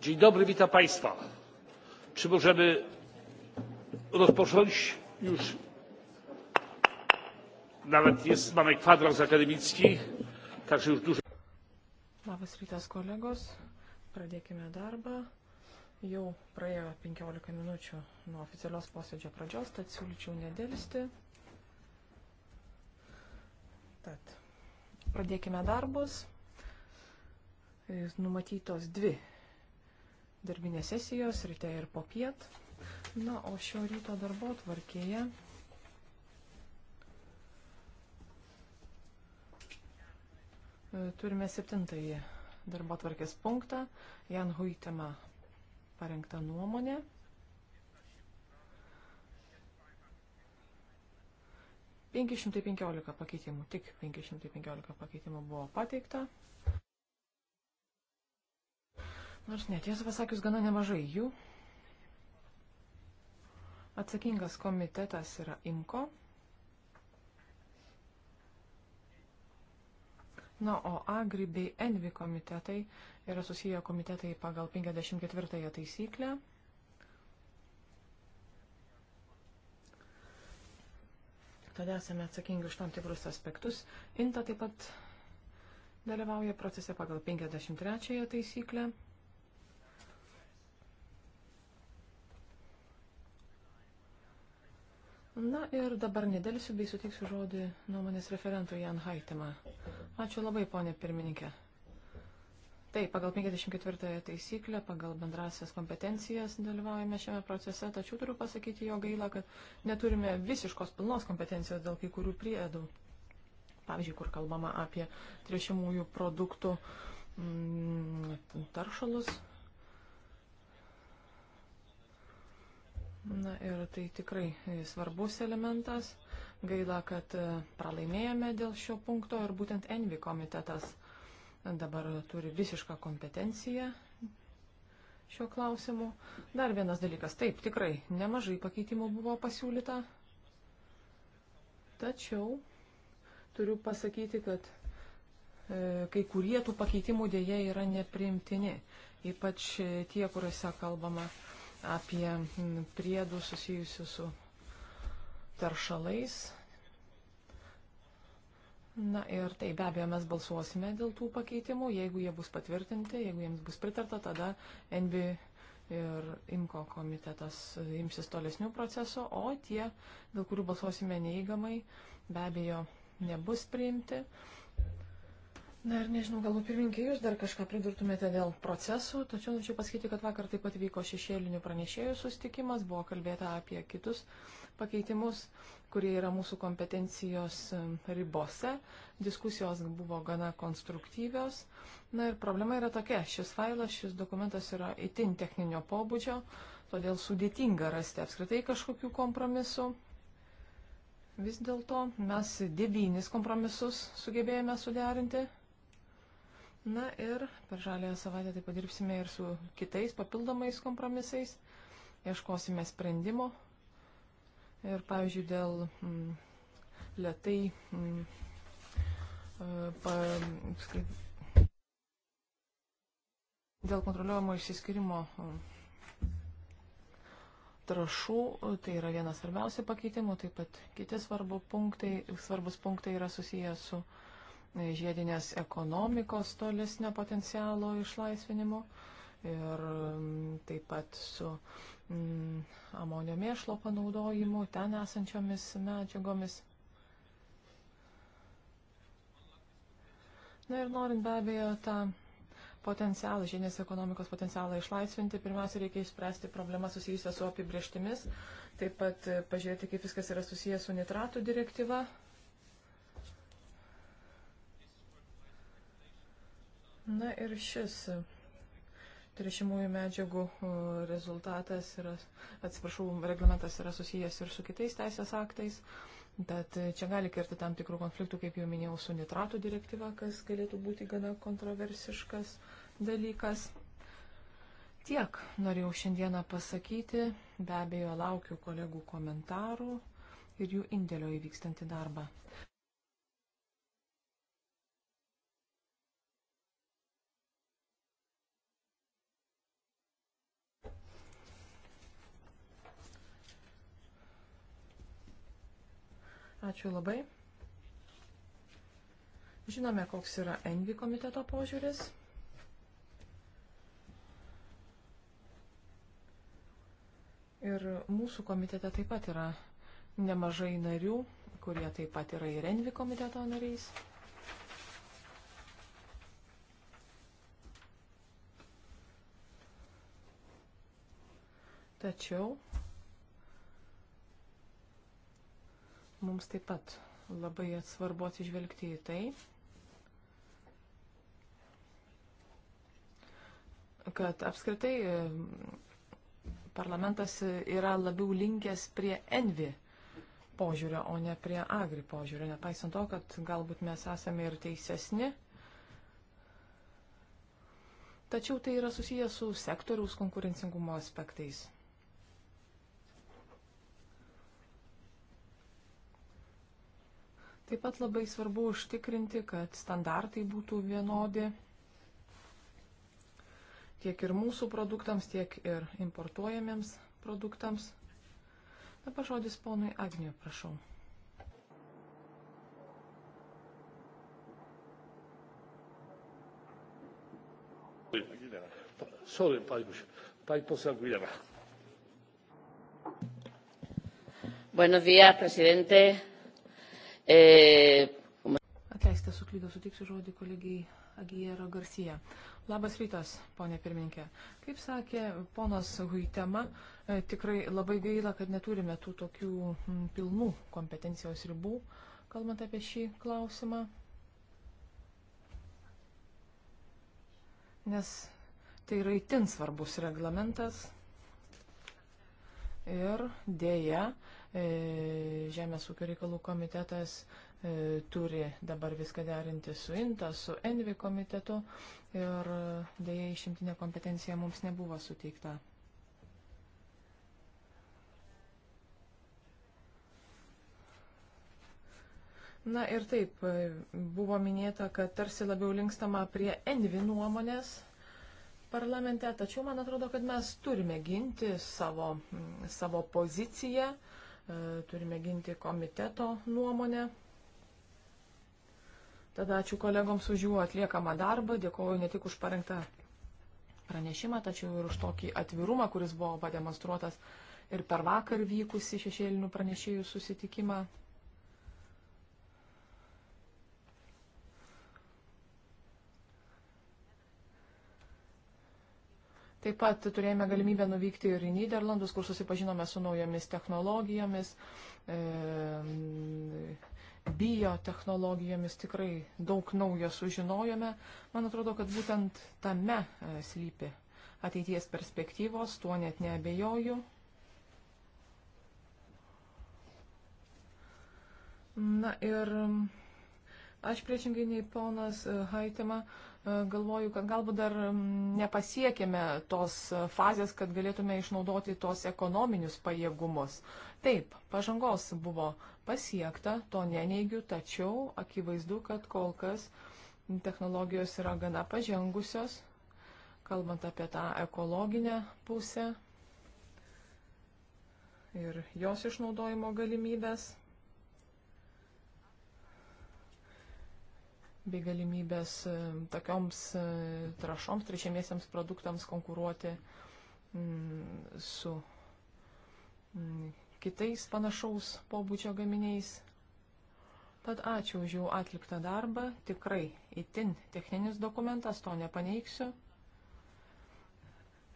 dzień dobry witam państwa czy możemy rozpocząć już nawet jest mamy kwadrans akademicki także już dużo Labas rytas kolegos, pradėkime darbą. Jau praėjo 15 minučių nuo oficialios posėdžio pradžios, tad siūlyčiau nedėlsti. Tad pradėkime darbus. Numatytos dvi darbinės sesijos ryte ir popiet. Na, o šio ryto darbo tvarkėje turime septintąjį darbo tvarkės punktą. Jan Huitema parengta nuomonė. Penkišimtai penkiolika pakeitimų, tik penkišimtai penkiolika pakeitimų buvo pateikta. Nors netiesą pasakius, gana nemažai jų. Atsakingas komitetas yra IMKO. Na, o AGRI bei ENVI komitetai yra susiję komitetai pagal 54 taisyklę. Tada esame atsakingi už tam tikrus aspektus. INTA taip pat dalyvauja procese pagal 53 taisyklę. Na ir dabar nedėlsiu bei suteiksiu žodį nuomonės referentui Jan Haitemą. Ačiū labai, ponė pirmininkė. Taip, pagal 54 taisyklę, pagal bendrasias kompetencijas dalyvaujame šiame procese, tačiau turiu pasakyti jo gailą, kad neturime visiškos pilnos kompetencijos dėl kai kurių priedų. Pavyzdžiui, kur kalbama apie trešimųjų produktų mm, taršalus, Na ir tai tikrai svarbus elementas. Gaila, kad e, pralaimėjome dėl šio punkto ir būtent Envi komitetas dabar turi visišką kompetenciją šiuo klausimu. Dar vienas dalykas. Taip, tikrai nemažai pakeitimų buvo pasiūlyta. Tačiau turiu pasakyti, kad e, kai kurie tų pakeitimų dėje yra nepriimtini, ypač e, tie, kuriuose kalbama apie priedų susijusių su taršalais. Na ir tai be abejo mes balsuosime dėl tų pakeitimų, jeigu jie bus patvirtinti, jeigu jiems bus pritarta, tada NB ir IMKO komitetas imsis tolesnių procesų, o tie, dėl kurių balsuosime neįgamai, be abejo nebus priimti. Uh, Na ir nežinau, galbūt pirmininkė, jūs dar kažką pridurtumėte dėl procesų, tačiau norėčiau pasakyti, kad vakar taip pat vyko šešėlinių pranešėjų sustikimas, buvo kalbėta apie kitus pakeitimus, kurie yra mūsų kompetencijos ribose. Diskusijos buvo gana konstruktyvios. Na ir problema yra tokia, šis failas, šis dokumentas yra itin techninio pobūdžio, todėl sudėtinga rasti apskritai kažkokių kompromisų. Vis dėlto mes devynis kompromisus sugebėjome suderinti. Na ir per žalėją savaitę taip padirbsime ir su kitais papildomais kompromisais, ieškosime sprendimo. Ir pavyzdžiui, dėl mm, lietai mm, pa, skai, dėl kontroliuojamo išsiskirimo mm, trašų, tai yra vienas svarbiausių pakeitimų, taip pat kiti svarbu punktai, svarbus punktai yra susijęs su uh, žiedinės ekonomikos tolesnio potencialo išlaisvinimu ir mm, taip pat su mm, amonio mėšlo panaudojimu ten esančiomis medžiagomis. Na ir norint be abejo tą potencialą, žinės ekonomikos potencialą išlaisvinti, pirmiausia reikia išspręsti problemą susijusią su apibrieštimis, taip pat pažiūrėti, kaip viskas yra susijęs su nitratų direktyva Na ir šis trešimųjų medžiagų rezultatas yra, atsiprašau, reglamentas yra susijęs ir su kitais teisės aktais, bet e, čia gali kirti tam tikrų konfliktų, kaip jau minėjau, su nitratų direktyva, kas galėtų būti gana kontroversiškas dalykas. Tiek norėjau šiandieną pasakyti, be abejo laukiu kolegų komentarų ir jų indėlio įvykstantį darbą. Ačiū labai. Žinome, koks yra Envi komiteto požiūris. Ir mūsų komitete taip pat yra nemažai narių, kurie taip pat yra ir Envi komiteto nariais. Tačiau mums taip pat labai svarbu atsižvelgti į tai, kad apskritai e, parlamentas yra labiau linkęs prie envi požiūrio, o ne prie agri požiūrio, nepaisant to, kad galbūt mes esame ir teisesni. Tačiau tai yra susijęs su sektoriaus konkurencingumo aspektais. Taip pat labai svarbu užtikrinti, kad standartai būtų vienodi tiek ir mūsų produktams, tiek ir importuojamiems produktams. Dabar žodis ponui Agniu, prašau. Sorry, pani poseł Aguilera. Buenos días, presidente. E... Atleiskite, suklydau, sutiksiu žodį kolegijai Agiero Garcia. Labas rytas, ponė pirmininkė. Kaip sakė ponas Huitema, e, tikrai labai gaila, kad neturime tų tokių pilnų kompetencijos ribų, kalbant apie šį klausimą. Nes tai yra itin svarbus reglamentas ir dėja E, Žemės ūkio reikalų komitetas e, turi dabar viską derinti su INTA, su ENVI komitetu ir e, dėja išimtinė kompetencija mums nebuvo suteikta. Na ir taip, buvo minėta, kad tarsi labiau linkstama prie Envi nuomonės parlamente, tačiau man atrodo, kad mes turime ginti savo, savo poziciją E, turime ginti komiteto nuomonę. Tada ačiū kolegoms už jų atliekamą darbą, dėkoju ne tik už parengtą pranešimą, tačiau ir už tokį atvirumą, kuris buvo pademonstruotas ir per vakar vykusi šešėlinių pranešėjų susitikimą. Taip pat turėjome galimybę nuvykti ir į Niderlandus, kur susipažinome su naujomis technologijomis, e, biotehnologijomis, tikrai daug naujo sužinojome. Man atrodo, kad būtent tame e, slypi ateities perspektyvos, tuo net neabejoju. Na ir aš priešingai nei ponas e, Haitema. E, E, galvoju, kad galbūt dar nepasiekėme tos fazės, kad galėtume išnaudoti tos ekonominius pajėgumus. Taip, pažangos buvo pasiekta, to neneigiu, tačiau akivaizdu, kad kol kas technologijos yra gana pažengusios, kalbant apie tą ekologinę pusę ir jos išnaudojimo galimybės. bei galimybės e, tokioms e, trašoms, trečiamiesiams produktams konkuruoti mm, su mm, kitais panašaus pobūdžio gaminiais. Tad ačiū už jų atliktą darbą, tikrai įtin techninis dokumentas, to nepaneigsiu.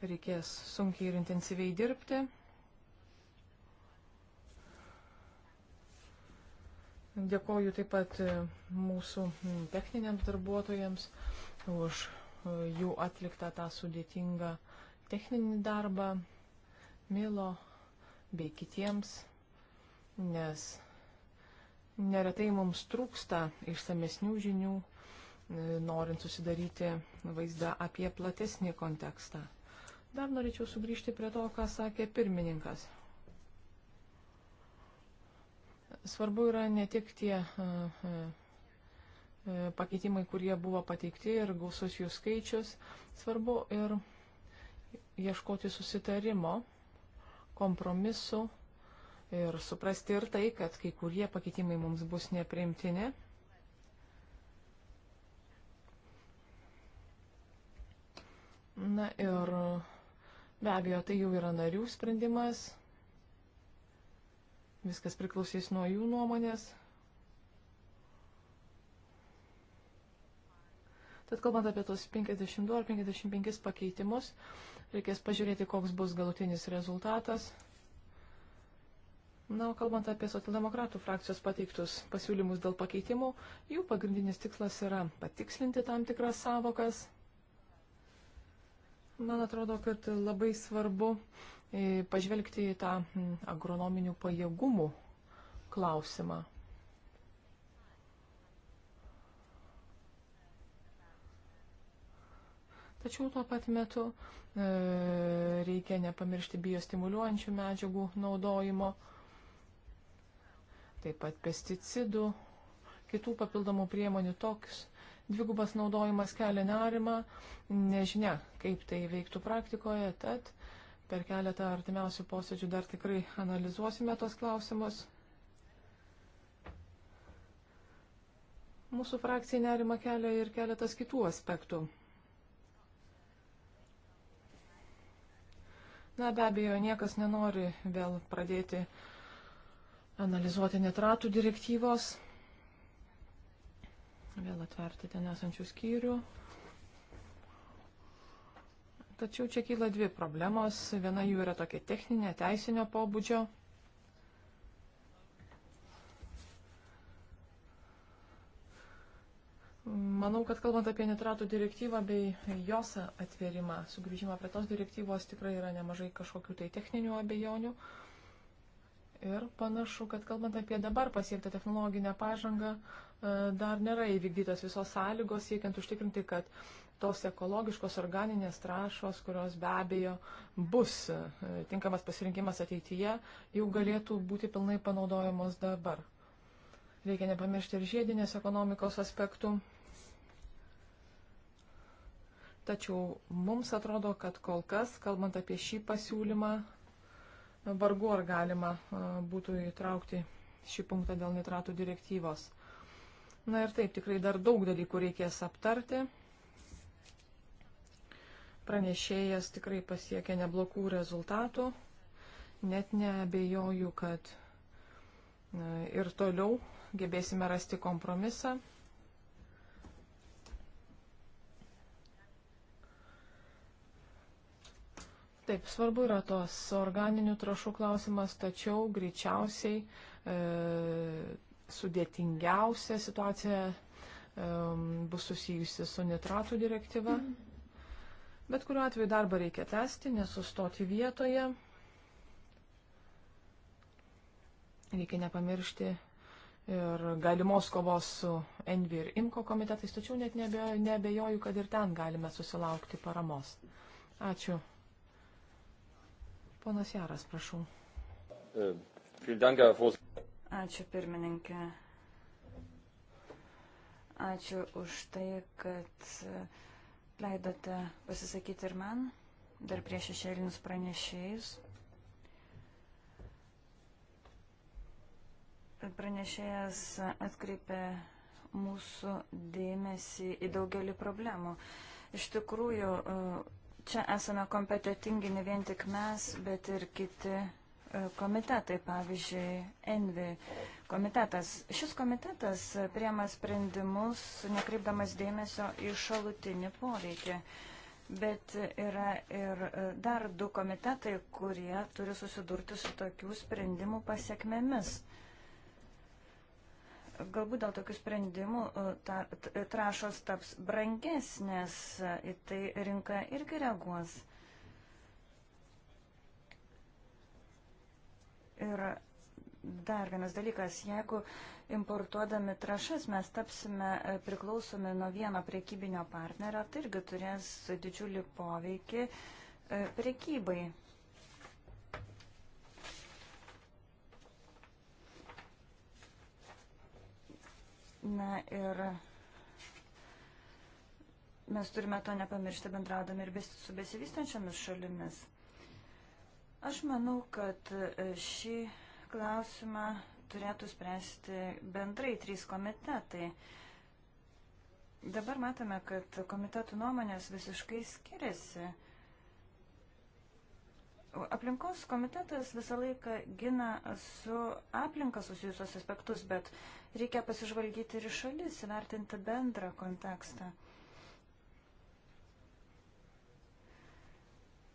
Reikės sunkiai ir intensyviai dirbti. Dėkoju taip pat e, mūsų techniniams darbuotojams už e, jų atliktą tą sudėtingą techninį darbą, Milo bei kitiems, nes neretai mums trūksta išsamesnių žinių, e, norint susidaryti vaizdą apie platesnį kontekstą. Dar norėčiau sugrįžti prie to, ką sakė pirmininkas. Svarbu yra ne tik tie pakeitimai, kurie buvo pateikti ir gausus jų skaičius, svarbu ir ieškoti susitarimo, kompromisų ir suprasti ir tai, kad kai kurie pakeitimai mums bus nepriimtini. Na ir be abejo, tai jau yra narių sprendimas, Viskas priklausys nuo jų nuomonės. Tad kalbant apie tos 52 ar 55 pakeitimus, reikės pažiūrėti, koks bus galutinis rezultatas. Na, o kalbant apie socialdemokratų frakcijos pateiktus pasiūlymus dėl pakeitimų, jų pagrindinis tikslas yra patikslinti tam tikras savokas. Man atrodo, kad labai svarbu uh, pažvelgti į tą agronominių pajėgumų klausimą. Tačiau tuo pat metu e, reikia nepamiršti biostimuliuojančių medžiagų naudojimo, taip pat pesticidų, kitų papildomų priemonių toks. Dvigubas naudojimas kelia nerimą, nežinia, kaip tai veiktų praktikoje, tad e, Per keletą artimiausių posėdžių dar tikrai analizuosime tos klausimus. Mūsų frakcijai nerima kelia ir keletas kitų aspektų. Na, be abejo, niekas nenori vėl pradėti analizuoti nitratų direktyvos, vėl atverti ten esančių skyrių. Tačiau čia kyla dvi problemos. Viena jų yra tokia techninė, teisinio pobūdžio. Manau, kad kalbant apie nitratų direktyvą bei jos atvėrimą, sugrįžimą prie tos direktyvos tikrai yra nemažai kažkokių tai techninių abejonių. Ir panašu, kad kalbant apie dabar pasiektą technologinę pažangą, e, dar nėra įvykdytos visos sąlygos, siekiant užtikrinti, kad tos ekologiškos organinės trašos, kurios be abejo bus e, tinkamas pasirinkimas ateityje, jau galėtų būti pilnai panaudojamos dabar. Reikia nepamiršti ir žiedinės ekonomikos aspektų. Tačiau mums atrodo, kad kol kas, kalbant apie šį pasiūlymą, vargu ar galima e, būtų įtraukti šį punktą dėl nitratų direktyvos. Na ir taip, tikrai dar daug dalykų reikės aptarti. Pranešėjas tikrai pasiekė neblokų rezultatų. Net neabejoju, kad ir toliau gebėsime rasti kompromisą. Taip, svarbu yra tos organinių trašų klausimas, tačiau greičiausiai e, sudėtingiausia situacija e, bus susijusi su nitratų direktyva. Mm. Bet kuriuo atveju darbą reikia tęsti, nesustoti vietoje. Reikia nepamiršti ir galimos kovos su Envi ir Imko komitetais, tačiau net nebejoju, kad ir ten galime susilaukti paramos. Ačiū. Ponas Jaras, prašau. Ačiū pirmininkė. Ačiū už tai, kad uh, leidote pasisakyti ir man, dar prieš šešėlinius pranešėjus. Pranešėjas atkreipė mūsų dėmesį į daugelį problemų. Iš tikrųjų, e, čia esame kompetitingi ne vien tik mes, bet ir kiti komitetai, pavyzdžiui, Envi komitetas. Šis komitetas priema sprendimus, nekreipdamas dėmesio į šalutinį poveikį. Bet yra ir e, dar du komitetai, kurie turi susidurti su tokių sprendimų pasiekmėmis galbūt dėl tokių sprendimų e, ta, trašos taps brangesnės, e, į tai rinka irgi reaguos. Ir dar vienas dalykas, jeigu importuodami trašas mes tapsime e, priklausomi nuo vieno priekybinio partnerio, tai irgi turės didžiulį poveikį e, priekybai. Na ir mes turime to nepamiršti bendraudami ir su besivystančiomis šalimis. Aš manau, kad e, šį klausimą turėtų spręsti bendrai trys komitetai. Dabar matome, kad komitetų nuomonės visiškai skiriasi. Aplinkos komitetas visą laiką gina su aplinka susijusios aspektus, bet reikia pasižvalgyti ir šalis, įvertinti bendrą kontekstą.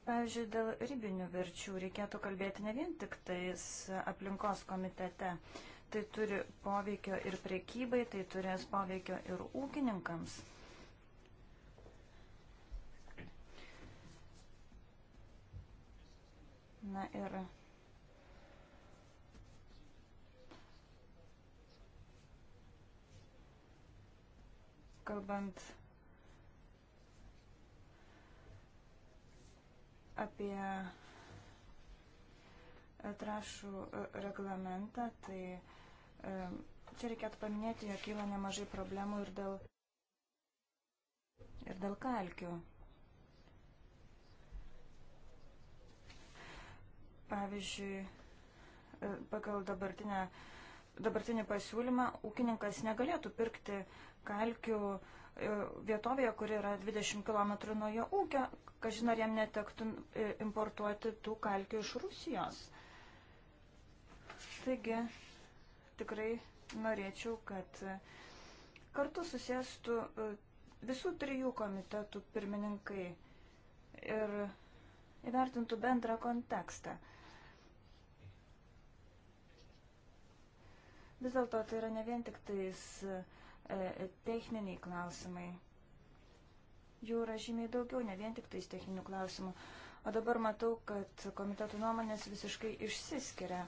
pavyzdžiui, dėl ribinių verčių reikėtų kalbėti ne vien tik tais aplinkos komitete. Tai turi poveikio ir prekybai, tai turės poveikio ir ūkininkams. Na ir kalbant apie e, trašų e, reglamentą, tai e, čia reikėtų paminėti, jog kyla nemažai problemų ir dėl, ir dėl kalkių. Pavyzdžiui, pagal dabartinę dabartinį pasiūlymą ūkininkas negalėtų pirkti kalkių e, vietovėje, kuri yra 20 km nuo jo ūkio, kažin ar jam netektų e, importuoti tų kalkių iš Rusijos. Taigi, tikrai norėčiau, kad e, kartu susėstų visų trijų komitetų pirmininkai ir įvertintų bendrą kontekstą. Vis dėlto tai yra ne vien tik tais uh, E, e, techniniai klausimai. Jų yra žymiai daugiau, ne vien tik tais techninių klausimų. O dabar matau, kad komitetų nuomonės visiškai išsiskiria.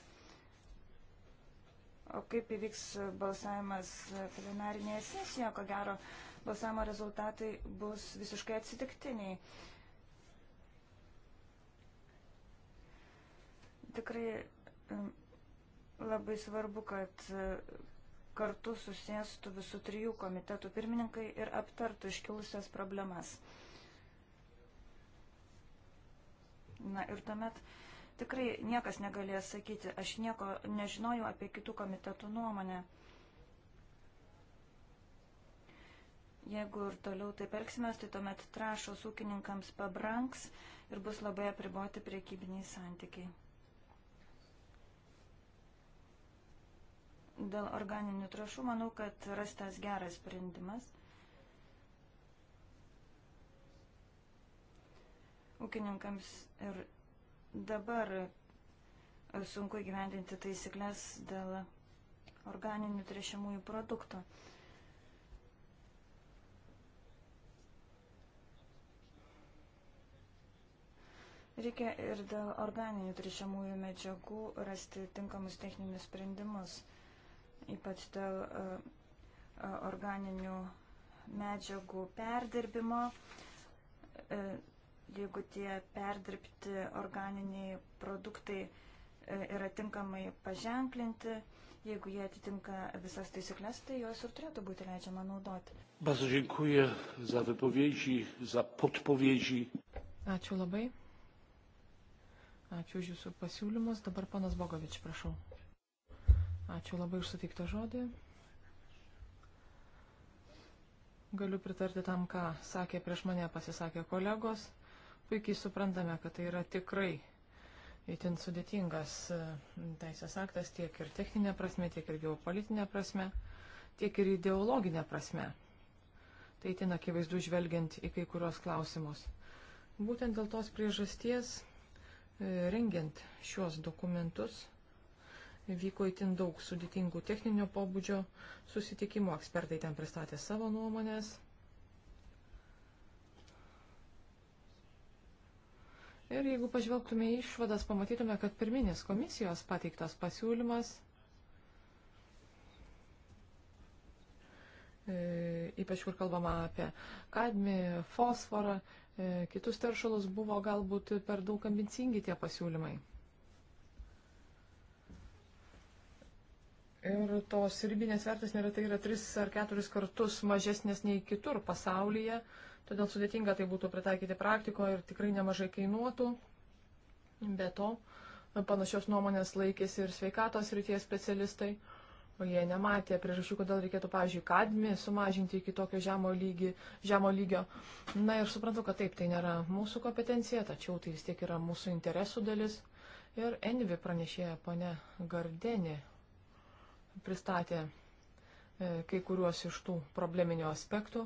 O kaip įvyks balsavimas plenarinėje sesijoje, ko gero, balsavimo rezultatai bus visiškai atsitiktiniai. Tikrai labai svarbu, kad kartu susėstų visų trijų komitetų pirmininkai ir aptartų iškilusias problemas. Na ir tuomet tikrai niekas negalės sakyti, aš nieko nežinojau apie kitų komitetų nuomonę. Jeigu ir toliau taip elgsimės, tai tuomet trašos ūkininkams pabranks ir bus labai apriboti priekybiniai santykiai. Dėl organinių trašų manau, kad rastas geras sprendimas. Ūkininkams ir dabar sunku įgyvendinti taisyklės dėl organinių trešimųjų produktų. Reikia ir dėl organinių trešimųjų medžiagų rasti tinkamus techninius sprendimus ypač dėl e, e, organinių medžiagų perdirbimo. E, jeigu tie perdirbti organiniai produktai yra tinkamai paženklinti, jeigu jie atitinka visas taisyklės, tai juos ir turėtų būti leidžiama naudoti. Bardzo dziękuję za wypowiedzi, za podpowiedzi. Ačiū labai. Ačiū už Jūsų pasiūlymus. Dabar panas Bogovič, prašau. Ačiū labai už suteiktą žodį. Galiu pritarti tam, ką sakė prieš mane pasisakė kolegos. Puikiai suprantame, kad tai yra tikrai įtin sudėtingas e, teisės aktas tiek ir techninė prasme, tiek ir geopolitinė prasme, tiek ir ideologinė prasme. Tai įtin akivaizdu žvelgiant į kai kurios klausimus. Būtent dėl tos priežasties, e, rengiant šiuos dokumentus, vyko įtin daug sudėtingų techninio pobūdžio susitikimų, ekspertai ten pristatė savo nuomonės. Ir jeigu pažvelgtume į išvadas, pamatytume, kad pirminis komisijos pateiktas pasiūlymas, e, ypač kur kalbama apie kadmį, fosforą, e, kitus teršalus, buvo galbūt per daug ambicingi tie pasiūlymai. Ir tos ribinės vertės neretai yra tris ar keturis kartus mažesnės nei kitur pasaulyje, todėl sudėtinga tai būtų pritaikyti praktikoje ir tikrai nemažai kainuotų. Be to, panašios nuomonės laikėsi ir sveikatos ryties specialistai, o jie nematė priežasčių, kodėl reikėtų, pavyzdžiui, kadmį sumažinti iki tokio žemo, lygi, žemo lygio. Na ir suprantu, kad taip, tai nėra mūsų kompetencija, tačiau tai vis tiek yra mūsų interesų dalis. Ir Envi pranešėja ponė Gardenė pristatė e, kai kuriuos iš tų probleminių aspektų.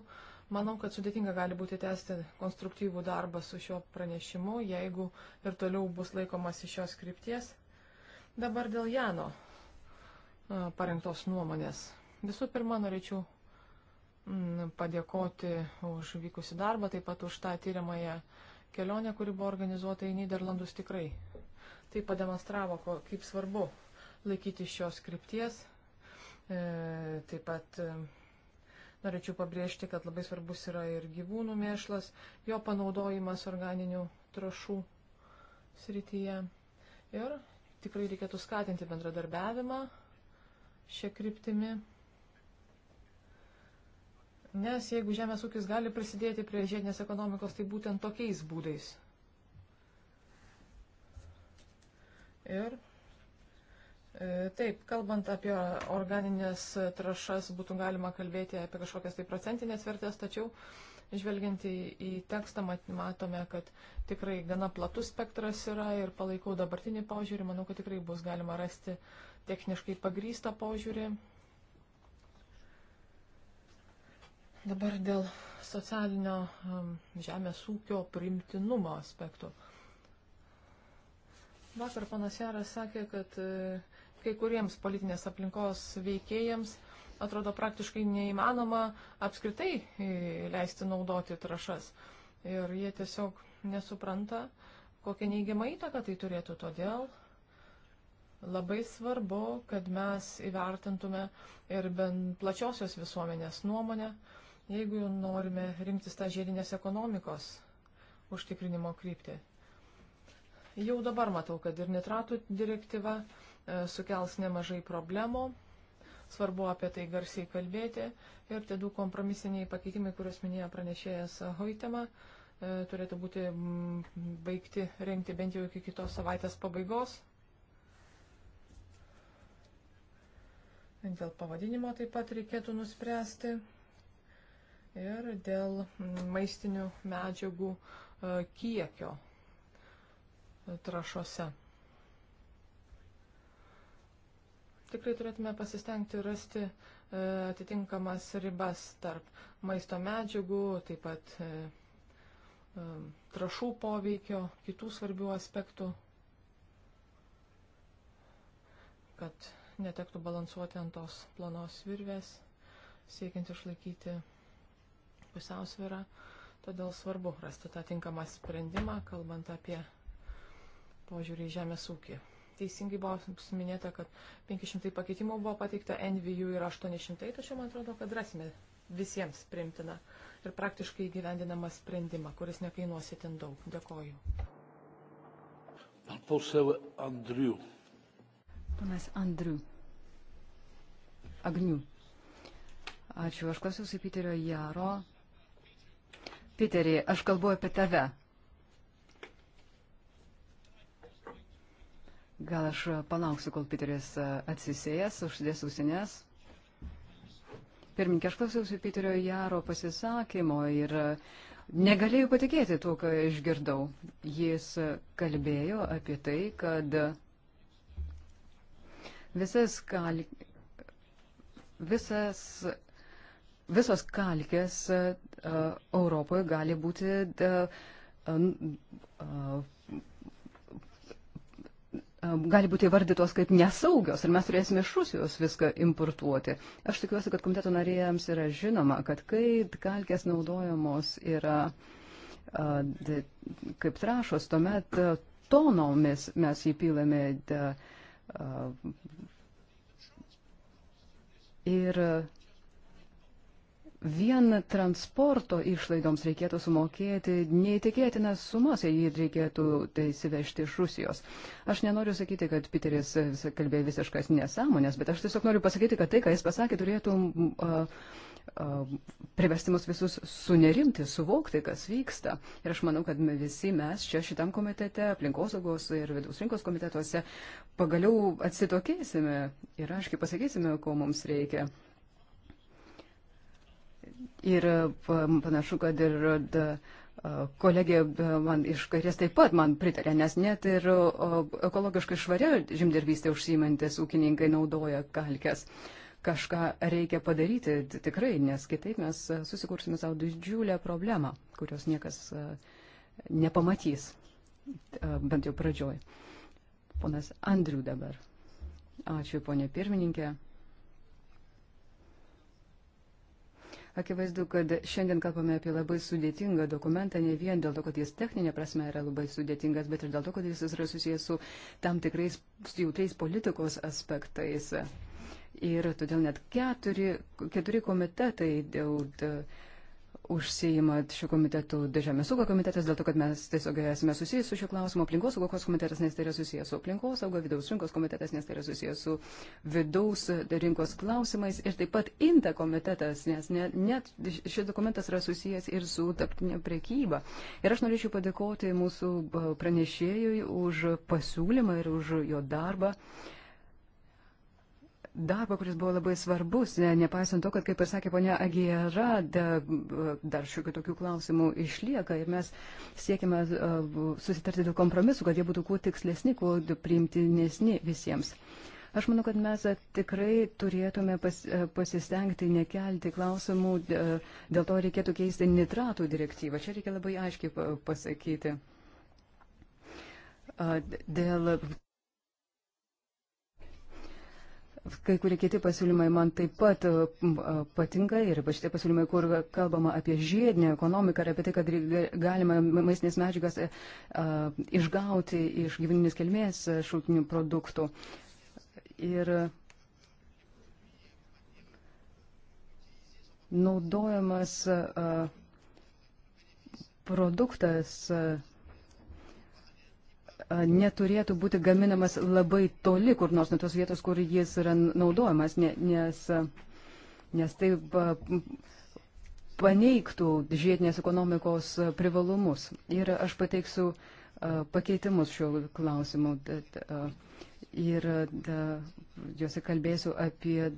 Manau, kad sudėtinga gali būti tęsti konstruktyvų darbą su šiuo pranešimu, jeigu ir toliau bus laikomas iš šios krypties. Dabar dėl Jano e, parengtos nuomonės. Visų pirma, norėčiau mm, padėkoti už vykusi darbą, taip pat už tą tyriamąją kelionę, kuri buvo organizuota į Niderlandus tikrai. Tai pademonstravo, kaip svarbu laikyti šios krypties E, taip pat e, norėčiau pabrėžti, kad labai svarbus yra ir gyvūnų mėšlas, jo panaudojimas organinių trašų srityje. Ir tikrai reikėtų skatinti bendradarbiavimą šią kryptimį. Nes jeigu žemės ūkis gali prisidėti prie žiedinės ekonomikos, tai būtent tokiais būdais. Ir E, taip, kalbant apie organinės trašas, būtų galima kalbėti apie kažkokias tai procentinės vertės, tačiau žvelgiant į, į tekstą matome, kad tikrai gana platus spektras yra ir palaikau dabartinį požiūrį, manau, kad tikrai bus galima rasti techniškai pagrystą požiūrį. Dabar dėl socialinio um, žemės ūkio primtinumo aspektų. Vakar panas Jaras sakė, kad e, kai kuriems politinės aplinkos veikėjams atrodo praktiškai neįmanoma apskritai e, leisti naudoti trašas. Ir jie tiesiog nesupranta, kokią neigiamą įtaką tai turėtų. Todėl labai svarbu, kad mes įvertintume ir bent plačiosios visuomenės nuomonę, jeigu norime rimtis tą žiedinės ekonomikos užtikrinimo kryptį. Jau dabar matau, kad ir nitratų direktyva, E, sukels nemažai problemų. Svarbu apie tai garsiai kalbėti ir tie du kompromisiniai pakeitimai, kuriuos minėjo pranešėjas Hoitema, e, turėtų būti baigti rengti bent jau iki kitos savaitės pabaigos. Dėl pavadinimo taip pat reikėtų nuspręsti ir dėl maistinių medžiagų e, kiekio trašose. tikrai turėtume pasistengti rasti e, atitinkamas ribas tarp maisto medžiagų, taip pat e, e, trašų poveikio, kitų svarbių aspektų, kad netektų balansuoti ant tos planos virvės, siekiant išlaikyti pusiausvyrą. Todėl svarbu rasti tą tinkamą sprendimą, kalbant apie požiūrį į žemės ūkį teisingai buvo suminėta, kad 500 pakeitimų buvo pateikta, NVU yra 800, tačiau man atrodo, kad rasime visiems primtiną ir praktiškai gyvendinamą sprendimą, kuris nekainuos itin daug. Dėkoju. Pusėl Andriu. Panas Andriu. Agniu. Ačiū, aš klausiausi Piterio Jaro. Piterį, aš kalbu apie tave. Gal aš e, palauksiu, kol Piteris e, atsisėjas, užsidės ausinės. Pirminkė, aš klausiausi Piterio Jaro pasisakymo ir e, negalėjau patikėti tuo, ką išgirdau. Jis kalbėjo apie tai, kad visas kal... visas... visos kalkės uh, Europoje gali būti uh, uh, gali būti vardytos kaip nesaugios ir mes turėsime iš Rusijos viską importuoti. Aš tikiuosi, kad komiteto narėjams yra žinoma, kad kai kalkės naudojamos yra kaip trašos, tuomet tonomis mes įpylame ir vien transporto išlaidoms reikėtų sumokėti neįtikėtinas sumas, jei jį reikėtų tai įsivežti iš Rusijos. Aš nenoriu sakyti, kad Piteris kalbėjo visiškas nesąmonės, bet aš tiesiog noriu pasakyti, kad tai, ką jis pasakė, turėtų uh, mm, uh, privesti mus visus sunerimti, suvokti, kas vyksta. Ir aš manau, kad visi mes čia šitam komitete, aplinkosaugos ir vidaus rinkos komitetuose pagaliau atsitokėsime ir aiškiai pasakysime, ko mums reikia. Ir e, panašu, kad ir e, kolegė e, man iš kairės taip pat man pritarė, nes net ir ekologiškai švaria žemdirbystė užsimantis ūkininkai naudoja kalkes. Kažką reikia padaryti tikrai, nes kitaip mes susikursime savo didžiulę problemą, kurios niekas nepamatys, bent jau pradžioj. Ponas Andriu dabar. Ačiū, ponė pirmininkė. Akivaizdu, kad šiandien kalbame apie labai sudėtingą dokumentą, ne vien dėl to, kad jis techninė prasme yra labai sudėtingas, bet ir dėl to, kad jis yra susijęs su tam tikrais jautriais politikos aspektais. Ir todėl net keturi, keturi komitetai dėl. dėl užsijima šių komitetų Žemės ūkio komitetas, dėl to, kad mes tiesiog esame susijęs su šiuo klausimu, aplinkos saugos komitetas, nes tai yra susijęs su aplinkos saugo, vidaus rinkos komitetas, nes tai yra susijęs su vidaus rinkos klausimais ir taip pat INTA komitetas, nes net, net šis dokumentas yra susijęs ir su taptinė priekyba. Ir aš norėčiau padėkoti mūsų pranešėjui už pasiūlymą ir už jo darbą. Uh, darbą, kuris buvo labai svarbus, ne, nepaisant to, kad, kaip ir sakė ponia Agijara, da, dar šiokių tokių klausimų išlieka ir mes siekime susitarti dėl kompromisų, kad jie būtų kuo tikslesni, kuo priimtinesni visiems. Aš manau, kad mes tikrai turėtume pas, pasistengti nekelti klausimų, dėl to reikėtų keisti nitratų direktyvą. Čia reikia labai aiškiai pasakyti. Dėl Kai kurie kiti pasiūlymai man taip pat e, e, patinka ir ypač tie pasiūlymai, kur kalbama apie žiedinę ekonomiką ir apie tai, kad galima maistinės medžiagas e, išgauti iš gyvūninės kilmės šaltinių produktų. Ir naudojamas produktas neturėtų būti gaminamas labai toli kur nors nuo tos vietos, kur jis yra naudojamas, nes, nes tai paneigtų žiedinės ekonomikos privalumus. Ir aš pateiksiu pakeitimus šiuo klausimu. Ir juose kalbėsiu apie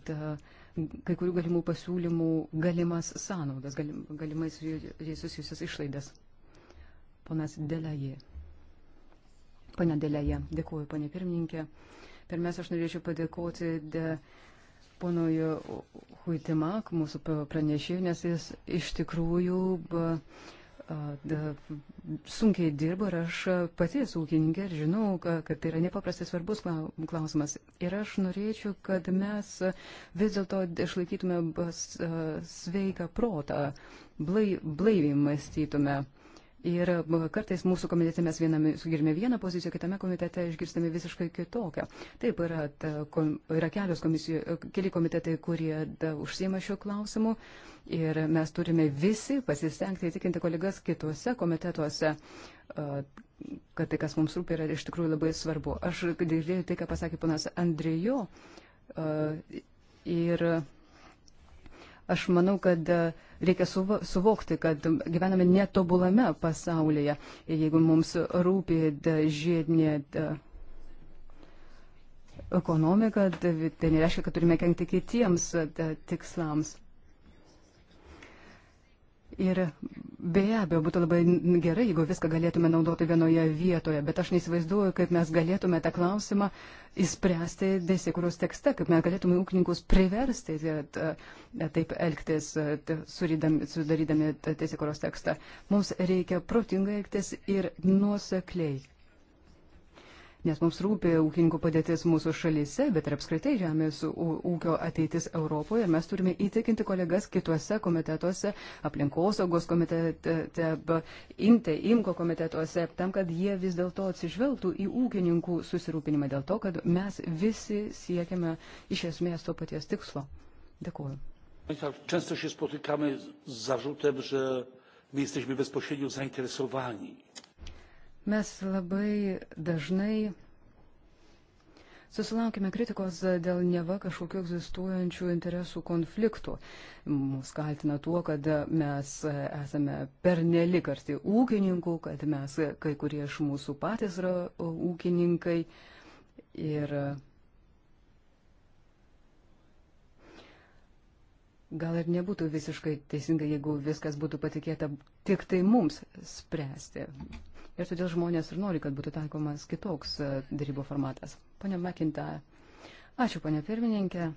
kai kurių galimų pasiūlymų galimas sąnaudas, galimais jais susijusias išlaidas. Ponas Delaje. Pane Dėlėje, dėkuoju, pane pirmininkė. Pirmiausia, aš norėčiau padėkoti de ponui Huitimak, mūsų pranešėjui, nes jis iš tikrųjų ba, da, sunkiai dirba ir aš pati esu ūkininkė ir žinau, kad tai yra nepaprastai svarbus klausimas. Ir aš norėčiau, kad mes vis dėlto išlaikytume sveiką protą, blai, blaiviai mąstytume. Ir kartais mūsų komitete mes viename sugirime vieną poziciją, kitame komitete išgirstame visiškai kitokią. Taip yra, ta, kom, yra kelios komisijų, keli komitetai, kurie da, užsiema šiuo klausimu ir mes turime visi pasistengti įtikinti kolegas kituose komitetuose, kad tai, kas mums rūpi, yra iš tikrųjų labai svarbu. Aš girdėjau tai, ką pasakė panas Andrijo ir aš manau, kad uh, Reikia suvokti, kad gyvename netobulame pasaulyje. Ir jeigu mums rūpi žiedinė ekonomika, tai nereiškia, kad turime kenkti kitiems tikslams. Ir be abejo, būtų labai gerai, jeigu viską galėtume naudoti vienoje vietoje, bet aš neįsivaizduoju, kaip mes galėtume tą klausimą įspręsti desikuros tekste, kaip mes galėtume ūkininkus priversti e, e, taip elgtis, e, sudarydami desikuros tekstą. Mums reikia protingai elgtis ir nuosekliai nes mums rūpi ūkininkų padėtis mūsų šalyse, bet ir apskritai žemės ūkio ateitis Europoje. Mes turime įtikinti kolegas kituose komitetuose, aplinkosaugos komitete, inte, imko komitetuose, tam, kad jie vis dėlto atsižvelgtų į ūkininkų susirūpinimą dėl to, kad mes visi siekiame iš esmės to paties tikslo. Dėkuoju. Często się spotykamy z zarzutem, że my jesteśmy bezpośrednio zainteresowani Mes labai dažnai Susilaukime kritikos dėl neva kažkokių egzistuojančių interesų konfliktų. Mus kaltina tuo, kad mes esame pernelik arti ūkininkų, kad mes kai kurie iš mūsų patys yra ūkininkai. Ir gal ir nebūtų visiškai teisinga, jeigu viskas būtų patikėta tik tai mums spręsti. Ir todėl žmonės ir nori, kad būtų taikomas kitoks e, darybo formatas. Pone Makinta, ačiū, pone pirmininkė.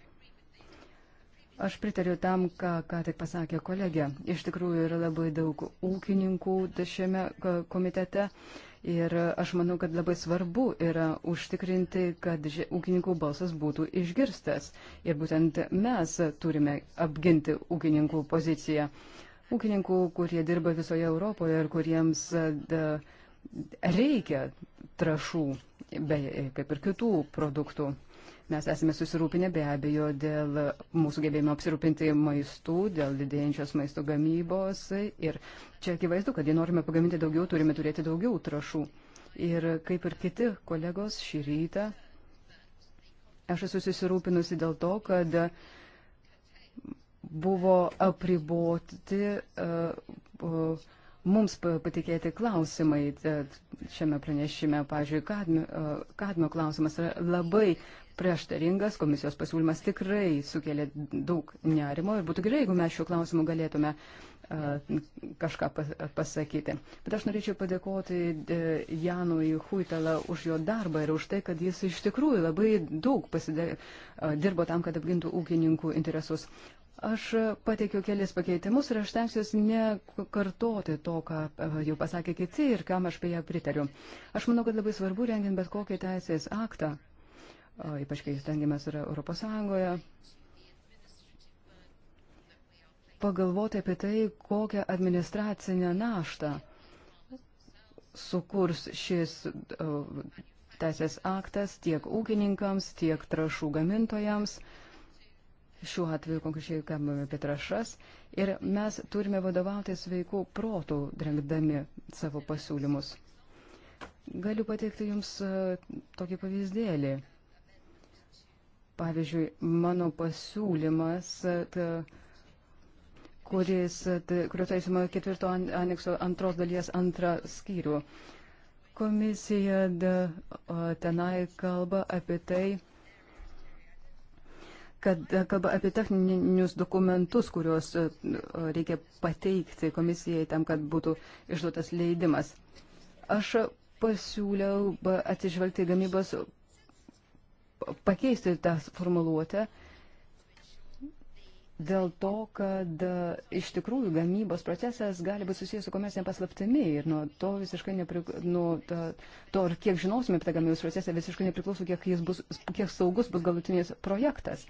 Aš pritariu tam, ką, ką tik pasakė kolegė. Iš tikrųjų yra labai daug ūkininkų šiame komitete. Ir aš manau, kad labai svarbu yra užtikrinti, kad ūkininkų balsas būtų išgirstas. Ir būtent mes turime apginti ūkininkų poziciją. Ūkininkų, kurie dirba visoje Europoje ir kuriems e, da, uh, reikia trašų, be, kaip ir kitų produktų. Mes esame susirūpinę be abejo dėl mūsų gebėjimo apsirūpinti maistų, dėl didėjančios maisto gamybos. Ir čia akivaizdu, kad jei norime pagaminti daugiau, turime turėti daugiau trašų. Ir kaip ir kiti kolegos šį rytą, aš esu susirūpinusi dėl to, kad buvo apriboti. Uh, uh, mums patikėti klausimai e, šiame pranešime. Pavyzdžiui, kadmio, e, kadmio klausimas yra labai prieštaringas, komisijos pasiūlymas tikrai sukėlė daug nerimo ir būtų gerai, jeigu mes šiuo klausimu galėtume e, kažką pasakyti. Bet aš norėčiau padėkoti Janui Huitalą už jo darbą ir už tai, kad jis iš tikrųjų labai daug pasidė, dirbo tam, kad apgintų ūkininkų interesus. Aš pateikiau kelis pakeitimus ir aš tenksiuosi nekartoti to, ką e, jau pasakė kiti ir kam aš beje pritariu. Aš manau, kad labai svarbu rengiant bet kokį teisės aktą, ypač kai stengiamės yra Europos Sąjungoje, pagalvoti apie tai, kokią administracinę naštą sukurs šis e, teisės aktas tiek ūkininkams, tiek trašų gamintojams. Uh, šiuo atveju konkrečiai kalbame apie trašas, ir mes turime vadovautis veikų protų, rengdami savo pasiūlymus. Galiu pateikti Jums e, tokį pavyzdėlį. Pavyzdžiui, mano pasiūlymas, e, ta, kuris, e, ta, kurio taisoma ketvirto anekso antros dalies antrą skyrių. Komisija da, tenai kalba apie tai, kad e, kalba apie techninius dokumentus, kuriuos e, reikia pateikti komisijai tam, kad būtų išduotas leidimas. Aš pasiūliau e, atsižvelgti gamybos, pakeisti tą formuluotę dėl to, kad e, iš tikrųjų gamybos procesas gali būti susijęs su komercinė paslaptimi ir nuo to visiškai nepriklauso, nuo to, to ir kiek žinosime apie tą gamybos procesą, visiškai nepriklauso, kiek, bus, kiek saugus bus galutinis projektas.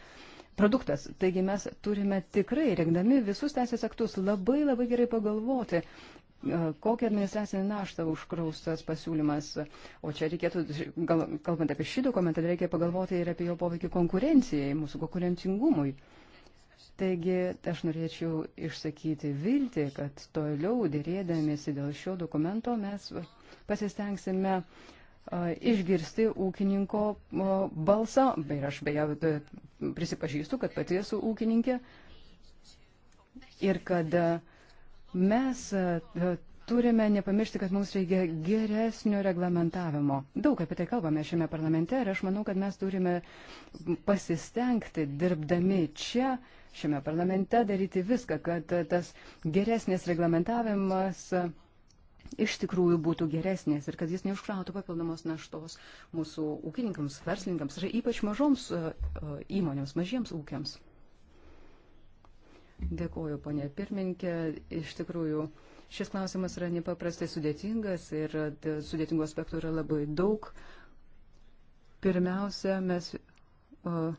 Produktas. Taigi mes turime tikrai, rengdami visus teisės aktus, labai labai gerai pagalvoti, e, kokią administracinę naštą užkraustas pasiūlymas. O čia reikėtų, gal, kalbant apie šį dokumentą, reikia pagalvoti ir apie jo poveikį konkurencijai, mūsų konkurencingumui. Uh, Taigi aš norėčiau išsakyti viltį, kad toliau dėrėdamėsi dėl šio dokumento mes pasistengsime išgirsti ūkininko balsą. Ir aš beje prisipažįstu, kad pati esu ūkininkė. Ir kad mes turime nepamiršti, kad mums reikia geresnio reglamentavimo. Daug apie tai kalbame šiame parlamente ir aš manau, kad mes turime pasistengti dirbdami čia uh, šiame parlamente daryti viską, kad tas geresnis reglamentavimas iš tikrųjų būtų geresnės ir kad jis neužkrautų papildomos naštos mūsų ūkininkams, verslininkams ir ypač mažoms e, e, įmonėms, mažiems ūkiams. Dėkuoju, ponė pirmininkė. Iš tikrųjų, šis klausimas yra nepaprastai sudėtingas ir e, sudėtingų aspektų yra labai daug. Pirmiausia, mes. Uh,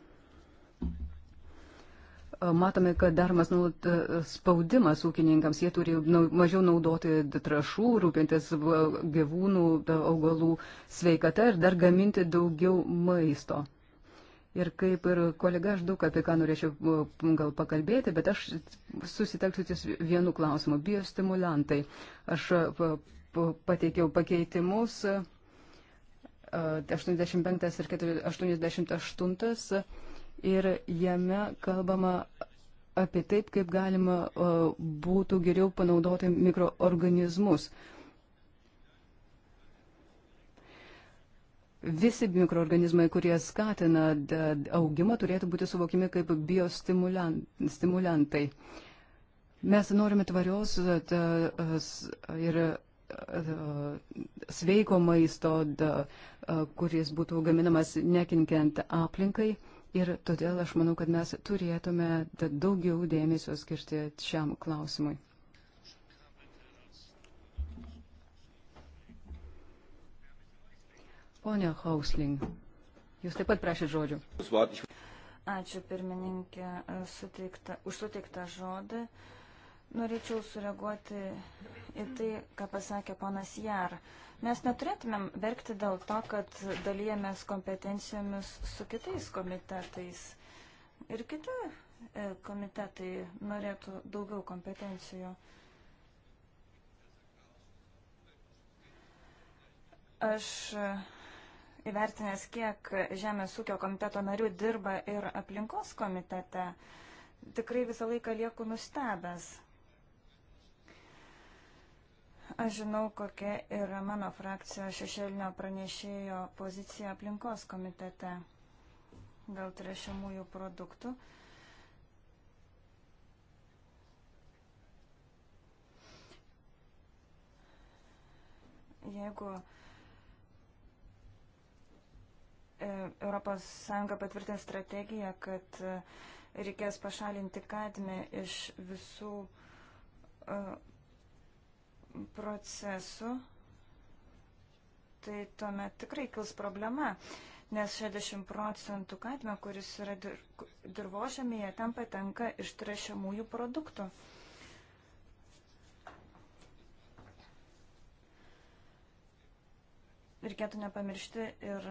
matome, kad daromas nuolat e, spaudimas ūkininkams. Jie turi mažiau naudoti trašų, rūpintis gyvūnų, e, augalų sveikata ir dar gaminti daugiau maisto. Ir kaip ir kolega, aš daug apie ką norėčiau gal pakalbėti, bet aš susitelksiu ties vienu klausimu. Biostimulantai. Aš e, pateikiau pakeitimus 85 ir 88 ir jame kalbama apie taip, kaip galima būtų geriau panaudoti mikroorganizmus. Visi mikroorganizmai, kurie skatina augimą, turėtų būti suvokimi kaip biostimulantai. Mes norime tvarios ir sveiko maisto, kuris būtų gaminamas nekinkiant aplinkai. Ir todėl aš manau, kad mes turėtume daugiau dėmesio skirti šiam klausimui. Pone Hausling, jūs taip pat prašėt žodžių. Ačiū pirmininkė suteikta, už suteiktą žodį. Norėčiau sureaguoti į tai, ką pasakė ponas Jar. Uh, Mes neturėtumėm verkti dėl to, kad dalyjamės kompetencijomis su kitais komitetais. Ir kiti e, komitetai norėtų daugiau kompetencijų. Aš e, įvertinęs, kiek Žemės ūkio komiteto narių dirba ir aplinkos komitete, tikrai visą laiką lieku nustebęs. Aš žinau, kokia yra mano frakcijos šešėlinio pranešėjo pozicija aplinkos komitete dėl trešiamųjų produktų. Jeigu ES patvirtins strategiją, kad e, reikės pašalinti kadmį iš visų e, procesų, tai tuomet tikrai kils problema, nes 60 procentų kadmio, kuris yra dir dirbožėmėje, ten patenka iš trešiamųjų produktų. Reikėtų nepamiršti ir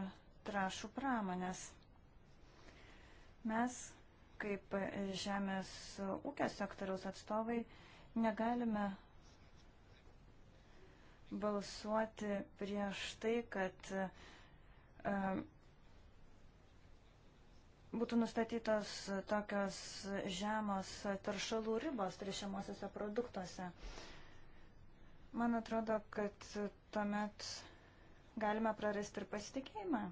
trašų pramonės. Mes, kaip žemės ūkio sektoriaus atstovai, negalime balsuoti prieš tai, kad um, būtų nustatytos tokios žemos taršalų ribos trešimosiuose produktuose. Man atrodo, kad tuomet galime prarasti ir pasitikėjimą.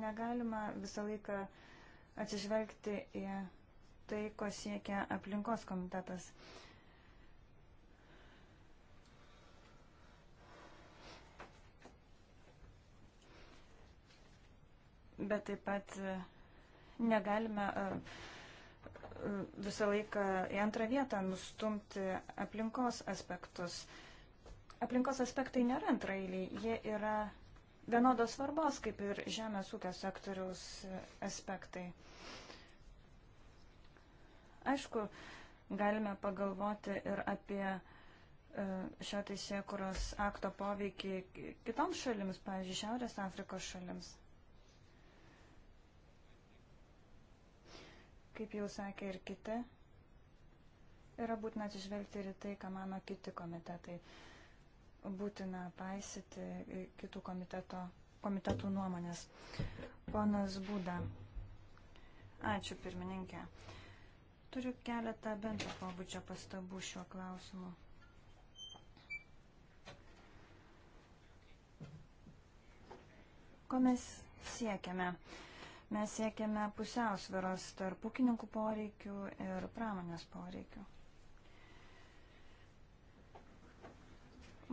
Negalima visą laiką atsižvelgti į tai, ko siekia aplinkos komitetas. Uh, bet taip pat e, negalime e, e, visą laiką į antrą vietą nustumti aplinkos aspektus. Aplinkos aspektai nėra antrailiai, jie yra vienodos svarbos, kaip ir žemės ūkio sektoriaus aspektai. Aišku, galime pagalvoti ir apie šio teisėkuros akto poveikį kitoms šalims, pavyzdžiui, Šiaurės Afrikos šalims. kaip jau sakė ir kiti, yra būtina atsižvelgti ir į tai, ką mano kiti komitetai. Būtina paisyti kitų komiteto, komitetų nuomonės. Ponas Būda. Ačiū pirmininkė. Turiu keletą bendro pobūdžio pastabų šiuo klausimu. Ko mes siekiame? Mes siekiame pusiausviros tarp ūkininkų poreikių ir pramonės poreikių.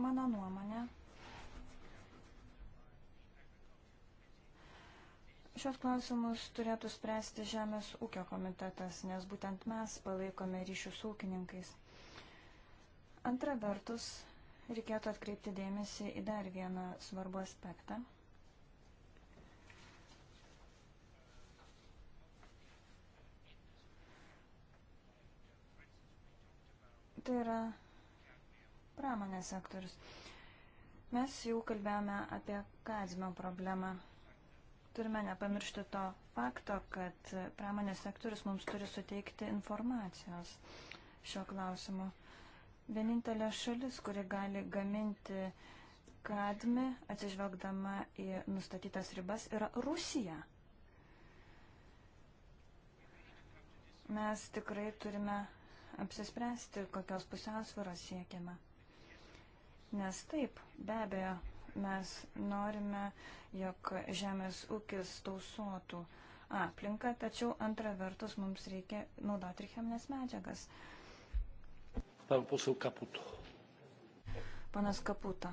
Mano nuomonė. Šios klausimus turėtų spręsti Žemės ūkio komitetas, nes būtent mes palaikome ryšius ūkininkais. Antra vertus, reikėtų atkreipti dėmesį į dar vieną svarbų aspektą – tai yra pramonės sektorius. Mes jau kalbėjome apie kadzmio problemą. Turime nepamiršti to fakto, kad pramonės sektorius mums turi suteikti informacijos šio klausimu. Vienintelė šalis, kuri gali gaminti kadmi, atsižvelgdama į nustatytas ribas, yra Rusija. Mes tikrai turime apsispręsti, kokios pusiausvėros siekiame. Nes taip, be abejo, mes norime, jog žemės ūkis tausotų aplinką, tačiau antra vertus mums reikia naudoti ir cheminės medžiagas. Panas Kaputo.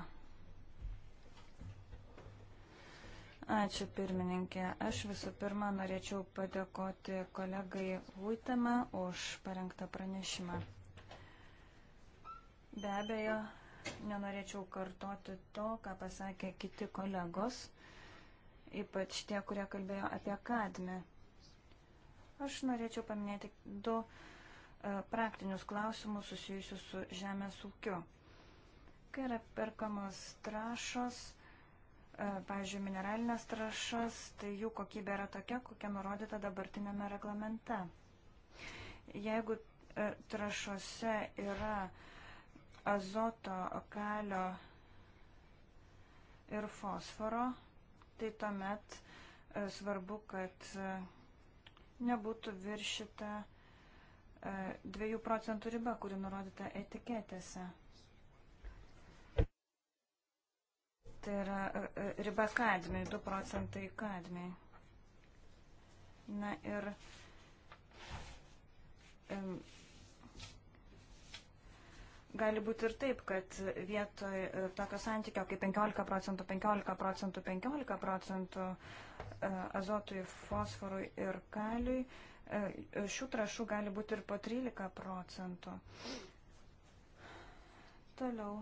Ačiū pirmininkė. Aš visų pirma norėčiau padėkoti kolegai Vuitama už parengtą pranešimą. Be abejo, nenorėčiau kartoti to, ką pasakė kiti kolegos, ypač tie, kurie kalbėjo apie kadmį. Aš norėčiau paminėti du e, praktinius klausimus susijusius su žemės ūkiu. Kai yra perkamos trašos, E, pavyzdžiui, mineralinės trašas, tai jų kokybė yra tokia, kokia nurodyta dabartinėme reglamente. Jeigu e, trašose yra azoto, kalio ir fosforo, tai tuomet e, svarbu, kad nebūtų viršita 2 procentų riba, kuri nurodyta etiketėse. tai yra e, e, riba kadmiai, 2 procentai kadmiai. Na ir gali būti ir taip, kad vietoj e, tokio santykio kaip 15 procentų, 15 procentų, 15 procentų azotui, fosforui ir kaliui, šių trašų gali būti ir po 13 procentų. Toliau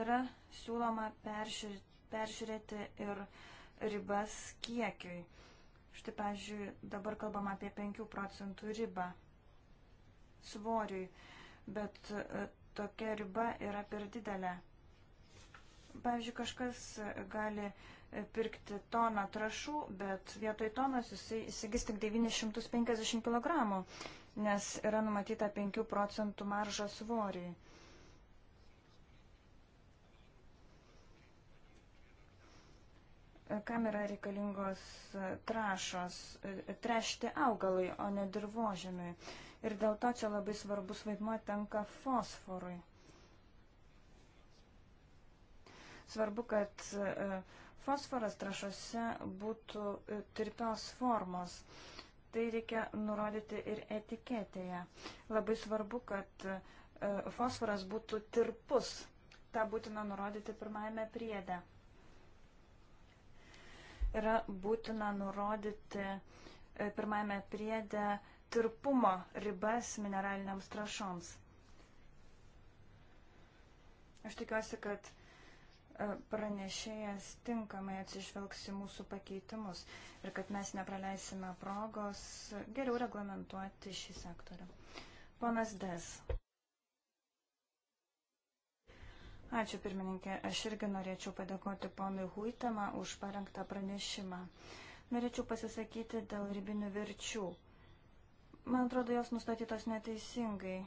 Yra siūloma peržiūrėti, peržiūrėti ir ribas kiekiui. Štai, pavyzdžiui, dabar kalbam apie 5 procentų ribą svoriui, bet e, tokia riba yra per didelė. Pavyzdžiui, kažkas gali e, pirkti toną trašų, bet vietoj tonos jisai įsigis tik 950 kg, nes yra numatyta 5 procentų marža svoriui. kam yra reikalingos e, trašos e, trešti augalui, o ne dirbožėmiui. Ir dėl to čia labai svarbus vaidmuo tenka fosforui. Svarbu, kad e, fosforas trašose būtų tirpios formos. Tai reikia nurodyti ir etiketėje. Labai svarbu, kad fosforas būtų tirpus. Ta būtina nurodyti pirmajame priede yra būtina nurodyti e, pirmajame priedė tirpumo ribas mineraliniams trašoms. Aš tikiuosi, kad e, pranešėjas tinkamai atsižvelgs į mūsų pakeitimus ir kad mes nepraleisime progos geriau reglamentuoti šį sektorių. Ponas Des. Ačiū pirmininkė. Aš irgi norėčiau padėkoti ponui Huitama už parengtą pranešimą. Norėčiau pasisakyti dėl ribinių virčių. Man atrodo, jos nustatytos neteisingai.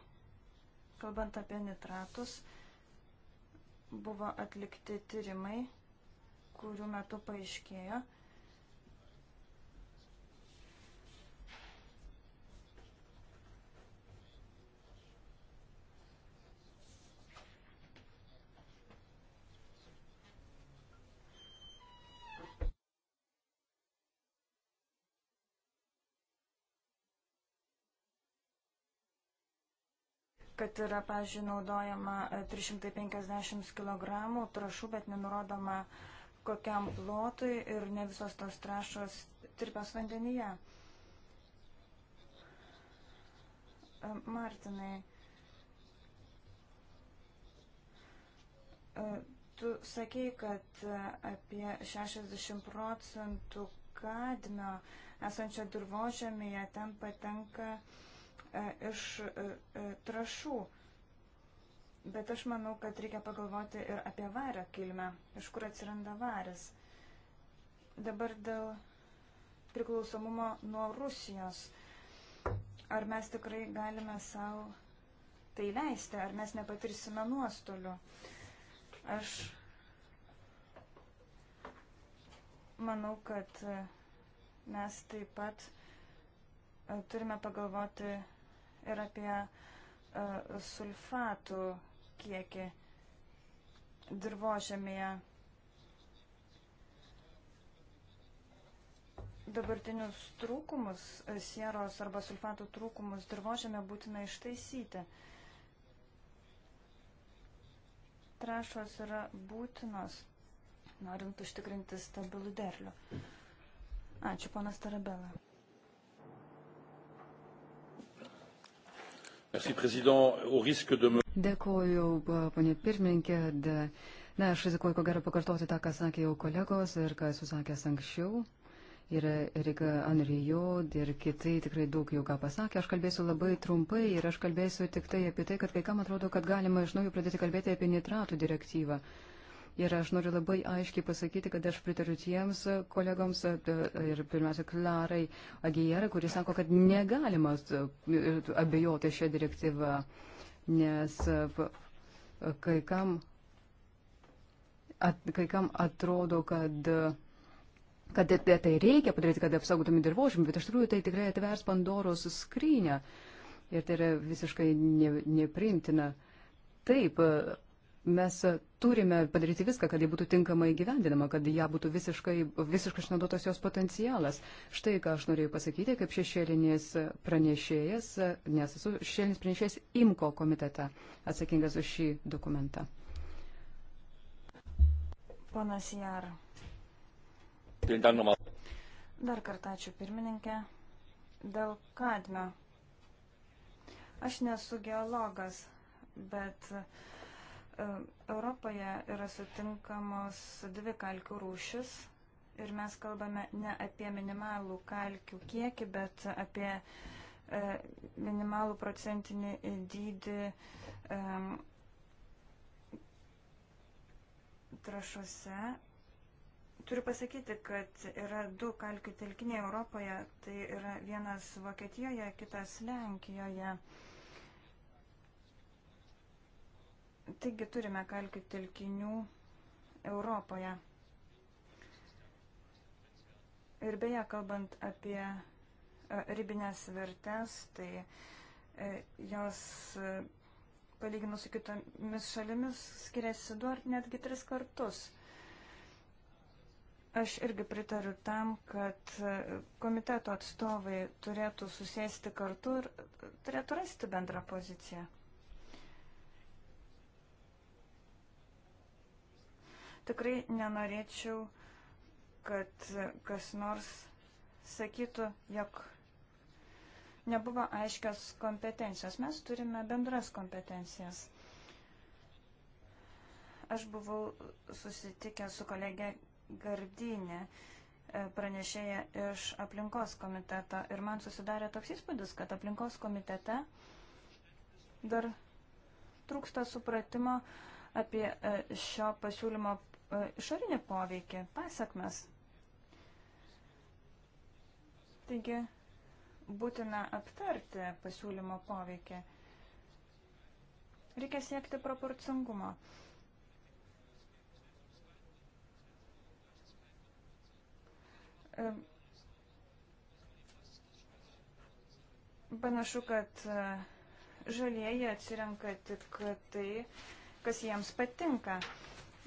Kalbant apie nitratus, buvo atlikti tyrimai, kurių metu paaiškėjo, kad yra, pažiūrėjau, naudojama 350 kg trašų, bet nenurodoma kokiam plotui ir ne visos tos trašos tirpios vandenyje. E, Martinai, e, tu sakei, kad e, apie 60 procentų kadmio esančio dirbožėmėje ten patenka uh, E, iš e, e, trašų. Bet aš manau, kad reikia pagalvoti ir apie vario kilmę, iš kur atsiranda varis. Dabar dėl priklausomumo nuo Rusijos. Ar mes tikrai galime savo tai leisti, ar mes nepatirsime nuostolių? Aš manau, kad mes taip pat turime pagalvoti ir apie uh, sulfatų kiekį dirbožėmėje. Dabartinius trūkumus, e, sieros arba sulfatų trūkumus dirbožėmė būtina ištaisyti. Trašos yra būtinos, norint užtikrinti stabilų derlių. Ačiū, ponas Tarabela. Dėkuoju, ponė pirmininkė. Na, aš rizikuoju, ko gero, pakartoti tą, ką sakė jau kolegos ir ką esu sakęs anksčiau. Ir Erika Anrijo ir kitai tikrai daug jau ką pasakė. Aš kalbėsiu labai trumpai ir aš kalbėsiu tik tai apie tai, kad kai kam atrodo, kad galima iš naujo pradėti kalbėti apie nitratų direktyvą. Uh, Ir aš noriu labai aiškiai pasakyti, kad aš pritariu tiems kolegoms ir pirmiausia Klarai Agijera, kuris sako, kad negalima abejoti šią direktyvą, nes kai kam, at, kai kam atrodo, kad kad e, tai reikia padaryti, kad apsaugotume dirbožymį, bet iš tikrųjų tai tikrai atvers Pandoros skrynę ir tai yra visiškai ne, nepriimtina. Taip, Mes turime padaryti viską, kad ji būtų tinkamai gyvendinama, kad ją būtų visiškai, visiškai išnaudotas jos potencialas. Štai ką aš norėjau pasakyti, kaip šešėlinis pranešėjas, nes esu šešėlinis pranešėjas IMKO komitete atsakingas už šį dokumentą. Ponas Jar. Dar kartą ačiū pirmininkė. Dėl kadmio. Aš nesu geologas, bet uh, Europoje yra sutinkamos dvi kalkių rūšis ir mes kalbame ne apie minimalų kalkių kiekį, bet apie e, minimalų procentinį dydį e, trašuose. Turiu pasakyti, kad yra du kalkių telkiniai Europoje, tai yra vienas Vokietijoje, kitas Lenkijoje. Uh, Taigi turime kalkių telkinių Europoje. Ir beje, kalbant apie e, ribinės vertės, tai e, jos e, palyginus su kitomis šalimis skiriasi du ar netgi tris kartus. Aš irgi pritariu tam, kad komiteto atstovai turėtų susėsti kartu ir turėtų rasti bendrą poziciją. Tikrai nenorėčiau, kad kas nors sakytų, jog nebuvo aiškios kompetencijos. Mes turime bendras kompetencijas. Aš buvau susitikę su kolegė Gardinė, e, pranešėja iš aplinkos komiteto ir man susidarė toks įspūdis, kad aplinkos komitete dar trūksta supratimo apie e, šio pasiūlymo E, išorinį poveikį, pasiekmes. Taigi, būtina aptarti pasiūlymo poveikį. Reikia siekti proporcingumo. E, panašu, kad e, žalieji atsirenka tik tai, kas jiems patinka.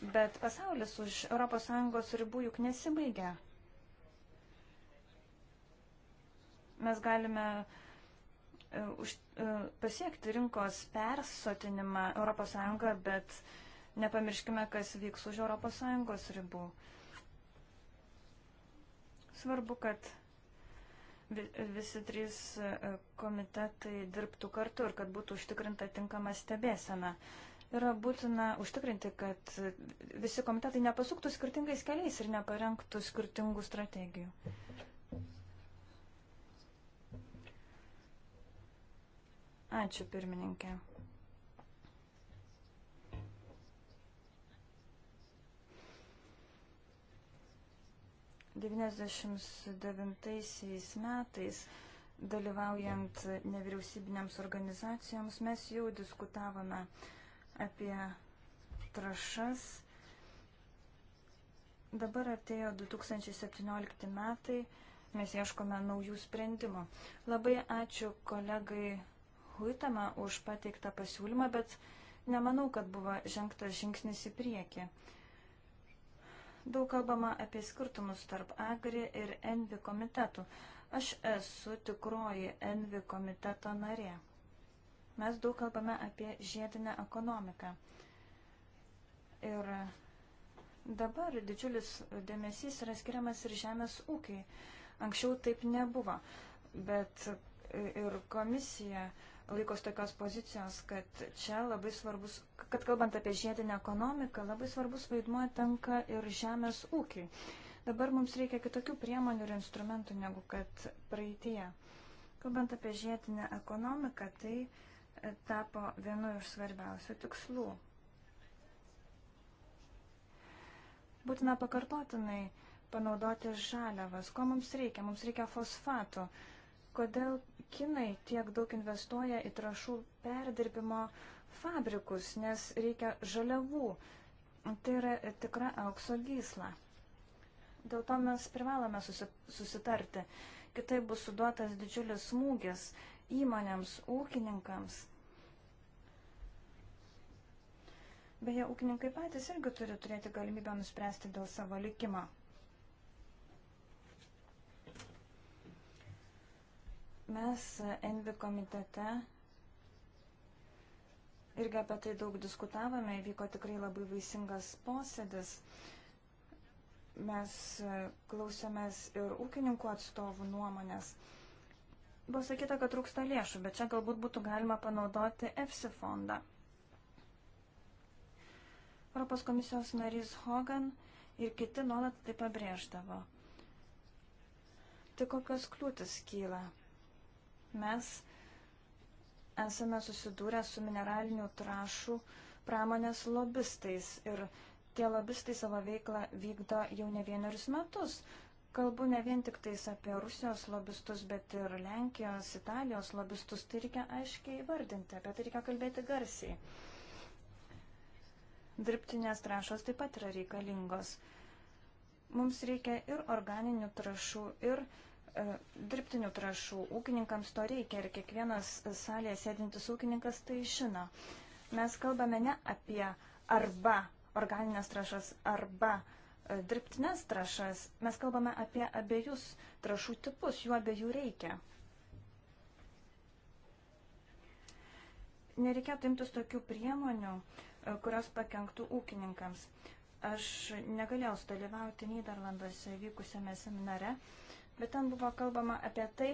Bet pasaulis už ES ribų juk nesibaigia. Mes galime e, už, e, pasiekti rinkos persotinimą ES, bet nepamirškime, kas vyks už ES ribų. Svarbu, kad visi trys e, komitetai dirbtų kartu ir kad būtų užtikrinta tinkama stebėsena yra būtina užtikrinti, kad visi komitetai nepasuktų skirtingais keliais ir neparengtų skirtingų strategijų. Ačiū pirmininkė. Devyniasdešimt devintaisiais metais dalyvaujant nevyriausybinėms organizacijoms mes jau diskutavome uh, apie trašas. Dabar artėjo 2017 metai, mes ieškome naujų sprendimų. Labai ačiū kolegai Huitama už pateiktą pasiūlymą, bet nemanau, kad buvo žengtas žingsnis į priekį. Daug kalbama apie skirtumus tarp Agri ir Envi komitetų. Aš esu tikroji Envi komiteto narė. Mes daug kalbame apie žiedinę ekonomiką. Ir dabar didžiulis dėmesys yra skiriamas ir žemės ūkiai. Anksčiau taip nebuvo, bet ir komisija laikos tokios pozicijos, kad čia labai svarbus, kad kalbant apie žiedinę ekonomiką, labai svarbus vaidmuo tenka ir žemės ūkiai. Dabar mums reikia kitokių priemonių ir instrumentų negu kad praeitie. Kalbant apie žiedinę ekonomiką, tai tapo vienu iš svarbiausių tikslų. Būtina pakartotinai panaudoti žaliavas. Ko mums reikia? Mums reikia fosfatų. Kodėl kinai tiek daug investuoja į trašų perdirbimo fabrikus, nes reikia žaliavų. Tai yra tikra aukso gysla. Dėl to mes privalome susitarti. Kitai bus suduotas didžiulis smūgis įmonėms, ūkininkams. Beje, ūkininkai patys irgi turi turėti galimybę nuspręsti dėl savo likimo. Mes e, Envi komitete irgi apie tai daug diskutavome, vyko tikrai labai vaisingas posėdis. Mes e, klausėmės ir ūkininkų atstovų nuomonės. Buvo sakyta, kad trūksta lėšų, bet čia galbūt būtų galima panaudoti EFSI fondą. Europos komisijos narys Hogan ir kiti nuolat tai pabrėždavo. Tai kokios kliūtis kyla? Mes esame susidūrę su mineralinių trašų pramonės lobistais ir tie lobistai savo veiklą vykdo jau ne vienerius metus kalbu ne vien tik tais apie Rusijos lobistus, bet ir Lenkijos, Italijos lobistus. Tai reikia aiškiai įvardinti, apie tai reikia kalbėti garsiai. Dirbtinės trašos taip pat yra reikalingos. Mums reikia ir organinių trašų, ir e, dirbtinių trašų. Ūkininkams to reikia ir kiekvienas salėje sėdintis ūkininkas tai žino. Mes kalbame ne apie arba organinės trašas arba e, dirbtines trašas. Mes kalbame apie abiejus trašų tipus, jų abiejų reikia. Nereikėtų imtis tokių priemonių, e, kurios pakenktų ūkininkams. Aš negalėjau sudalyvauti Niderlanduose vykusiame seminare, bet ten buvo kalbama apie tai,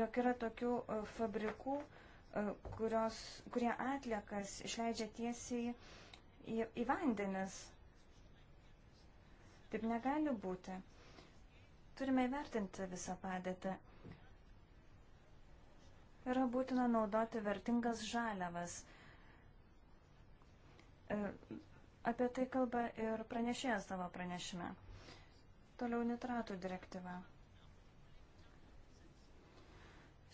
jog yra tokių e, fabrikų, e, kurios, kurie atliekas išleidžia tiesiai į, į vandenis. Taip negali būti. Turime įvertinti visą padėtį. Yra būtina naudoti vertingas žaliavas. E, apie tai kalba ir pranešėjas savo pranešime. Toliau nitratų direktyva.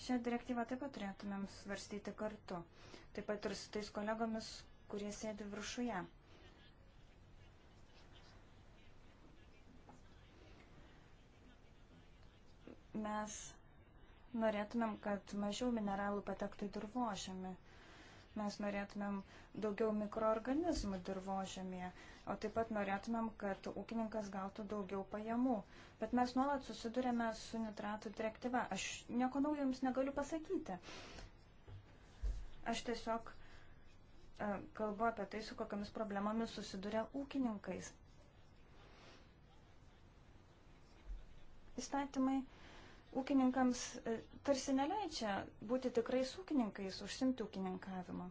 Šią direktyvą taip pat turėtumėm svarstyti kartu. Taip pat ir su tais kolegomis, kurie sėdi viršuje. Mes norėtumėm, kad mažiau mineralų patektų į dirbožėmį. Mes norėtumėm daugiau mikroorganizmų dirbožėmėje, o taip pat norėtumėm, kad ūkininkas gautų daugiau pajamų. Bet mes nuolat susidurėme su nitratų direktyva. Aš nieko naujo jums negaliu pasakyti. Aš tiesiog E, kalbu apie tai, su kokiamis problemomis susiduria ūkininkais. Įstatymai ūkininkams e, tarsi neleidžia būti tikrais ūkininkais, užsimti ūkininkavimą.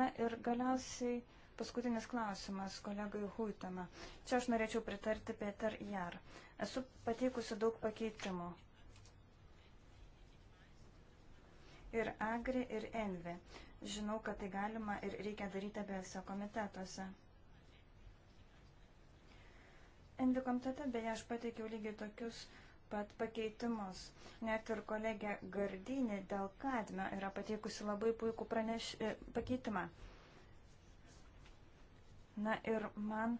Na ir galiausiai paskutinis klausimas kolegai Huitama. Čia aš norėčiau pritarti Peter Jar. Esu pateikusi daug pakeitimų. Ir Agri, ir Envi. Žinau, kad tai galima ir reikia daryti abiejose komitetuose. Endi komitete beje aš pateikiau lygiai tokius pat pakeitimus. Net ir kolegė Gardinė dėl kadmio yra pateikusi labai puikų praneš... E, pakeitimą. Na ir man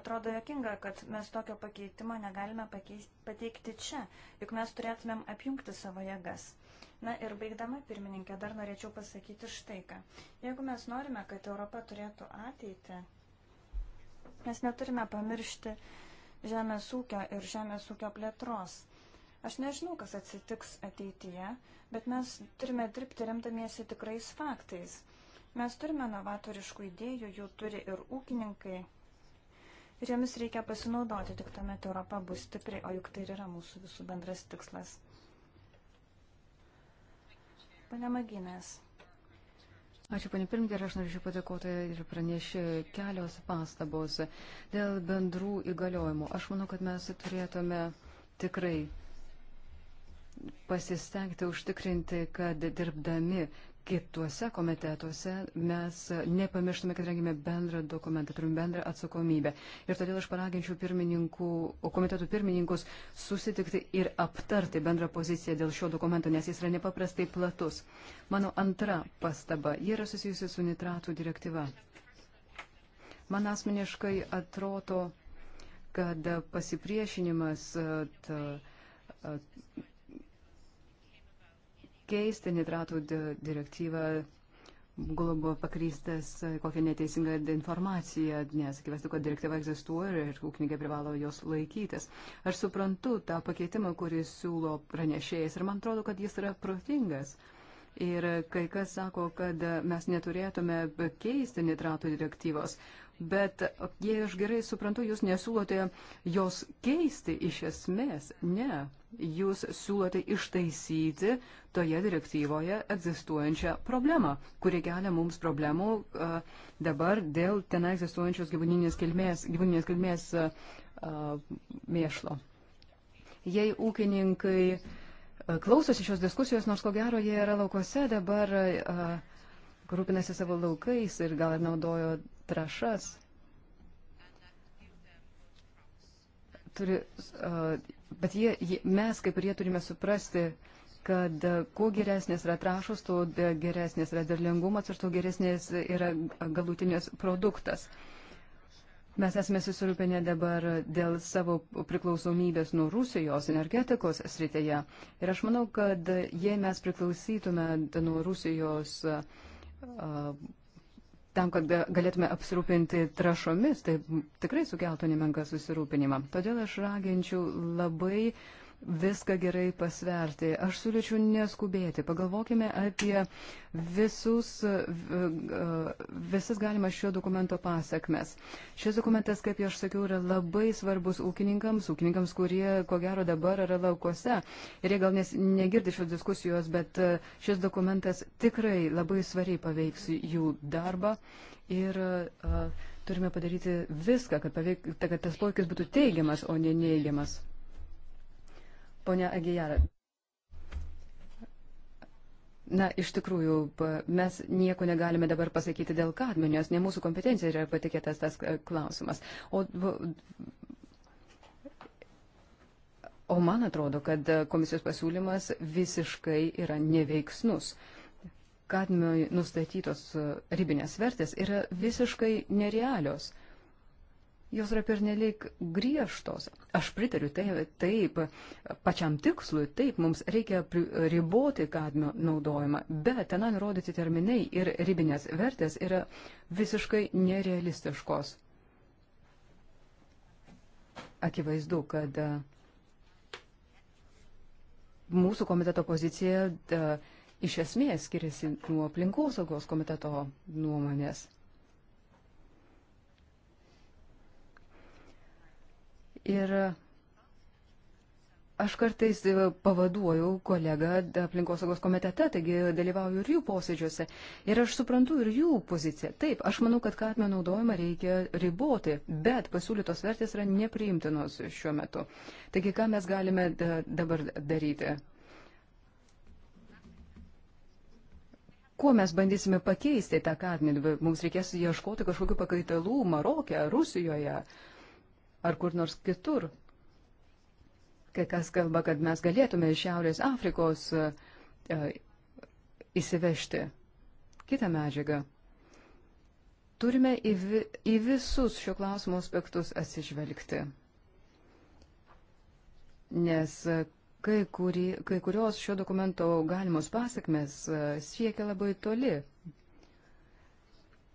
atrodo jokinga, kad mes tokio pakeitimo negalime pakeis... pateikti čia, juk mes turėtumėm apjungti savo jėgas. Na ir baigdama pirmininkė, dar norėčiau pasakyti štai ką. Jeigu mes norime, kad Europa turėtų ateitį, mes neturime pamiršti žemės ūkio ir žemės ūkio plėtros. Aš nežinau, kas atsitiks ateityje, bet mes turime dirbti remdamiesi tikrais faktais. Mes turime novatoriškų idėjų, jų turi ir ūkininkai, ir jomis reikia pasinaudoti, tik tuomet Europa bus stipri, o juk tai ir yra mūsų visų bendras tikslas. Pane Maginės. Ačiū, panė pirmininkė, ir aš norėčiau padėkoti ir pranešė kelios pastabos dėl bendrų įgaliojimų. Aš manau, kad mes turėtume tikrai pasistengti užtikrinti, kad dirbdami kituose komitetuose mes nepamirštume, kad rengime bendrą dokumentą, turime bendrą atsakomybę. Ir todėl aš paraginčiau komitetų pirmininkus susitikti ir aptarti bendrą poziciją dėl šio dokumento, nes jis yra nepaprastai platus. Mano antra pastaba, jie yra susijusi su nitratų direktyva. Man asmeniškai atrodo, kad pasipriešinimas. Ta, keisti nitratų direktyvą buvo pakrystas e, kokią neteisingą informaciją, nes akivaizdu, kad direktyva egzistuoja ir ūkininkai privalo jos laikytis. Aš suprantu tą pakeitimą, kurį siūlo pranešėjas ir man atrodo, kad jis yra protingas. Ir kai kas sako, kad mes neturėtume keisti nitratų direktyvos, bet jei aš gerai suprantu, jūs nesiūlote jos keisti iš esmės, ne jūs siūlote ištaisyti toje direktyvoje egzistuojančią problemą, kuri kelia mums problemų uh, dabar dėl ten egzistuojančios gyvūninės kilmės, gyvūninės kilmės uh, mėšlo. Jei ūkininkai klausosi šios diskusijos, nors ko gero jie yra laukose, dabar uh, rūpinasi savo laukais ir gal ir naudojo trašas, turi uh, Bet jie, jie, mes, kaip ir jie, turime suprasti, kad e, kuo geresnės yra trašos, tuo e, geresnės yra derlingumas ir tuo geresnės yra galutinės produktas. Mes esame susirūpinę dabar dėl savo priklausomybės nuo Rusijos energetikos srityje. Ir aš manau, kad e, jei mes priklausytume nuo Rusijos uh, tam, kad galėtume apsirūpinti trašomis, tai tikrai sukeltų nemenką susirūpinimą. Todėl aš raginčiau labai uh, viską gerai pasverti. Aš siūlyčiau neskubėti. Pagalvokime apie visus, visas galimas šio dokumento pasiekmes. Šis dokumentas, kaip jau aš sakiau, yra labai svarbus ūkininkams, ūkininkams, kurie, ko gero, dabar yra laukose. Ir jie gal nes, negirdi šios diskusijos, bet e, šis dokumentas tikrai labai svariai paveiks jų darbą. Ir uh, turime padaryti viską, kad, paveik, kad tas poveikis būtų teigiamas, o ne neigiamas. Pone Agijara. Na, iš tikrųjų, mes nieko negalime dabar pasakyti dėl kadminios, ne mūsų kompetencija yra patikėtas tas e, klausimas. O, o man atrodo, kad e, komisijos pasiūlymas visiškai yra neveiksnus. Kadmioj nustatytos e, ribinės vertės yra visiškai nerealios jos yra pernelyg griežtos. Aš pritariu taip, taip, pačiam tikslui, taip, mums reikia riboti kadmio naudojimą, bet ten nurodyti terminai ir ribinės vertės yra visiškai nerealistiškos. Akivaizdu, kad e, mūsų komiteto pozicija da, e, iš esmės skiriasi nuo aplinkosaugos komiteto nuomonės. Ir Aš kartais e, pavaduoju kolegą aplinkosaugos komitete, taigi dalyvauju ir jų posėdžiuose. Ir aš suprantu ir jų poziciją. Taip, aš manau, kad kadmio naudojimą reikia riboti, bet pasiūlytos vertės yra nepriimtinos šiuo metu. Taigi, ką mes galime dabar daryti? Kuo mes bandysime pakeisti tą kadmį? Mums reikės ieškoti kažkokiu pakaitalu Marokė, Rusijoje. Uh, ar kur nors kitur. Kai kas kalba, kad mes galėtume iš Šiaurės Afrikos e, e, įsivežti kitą medžiagą. Turime į, vi, į visus šio klausimo aspektus atsižvelgti, nes kai, kuri, kai kurios šio dokumento galimos pasakmes e, siekia labai toli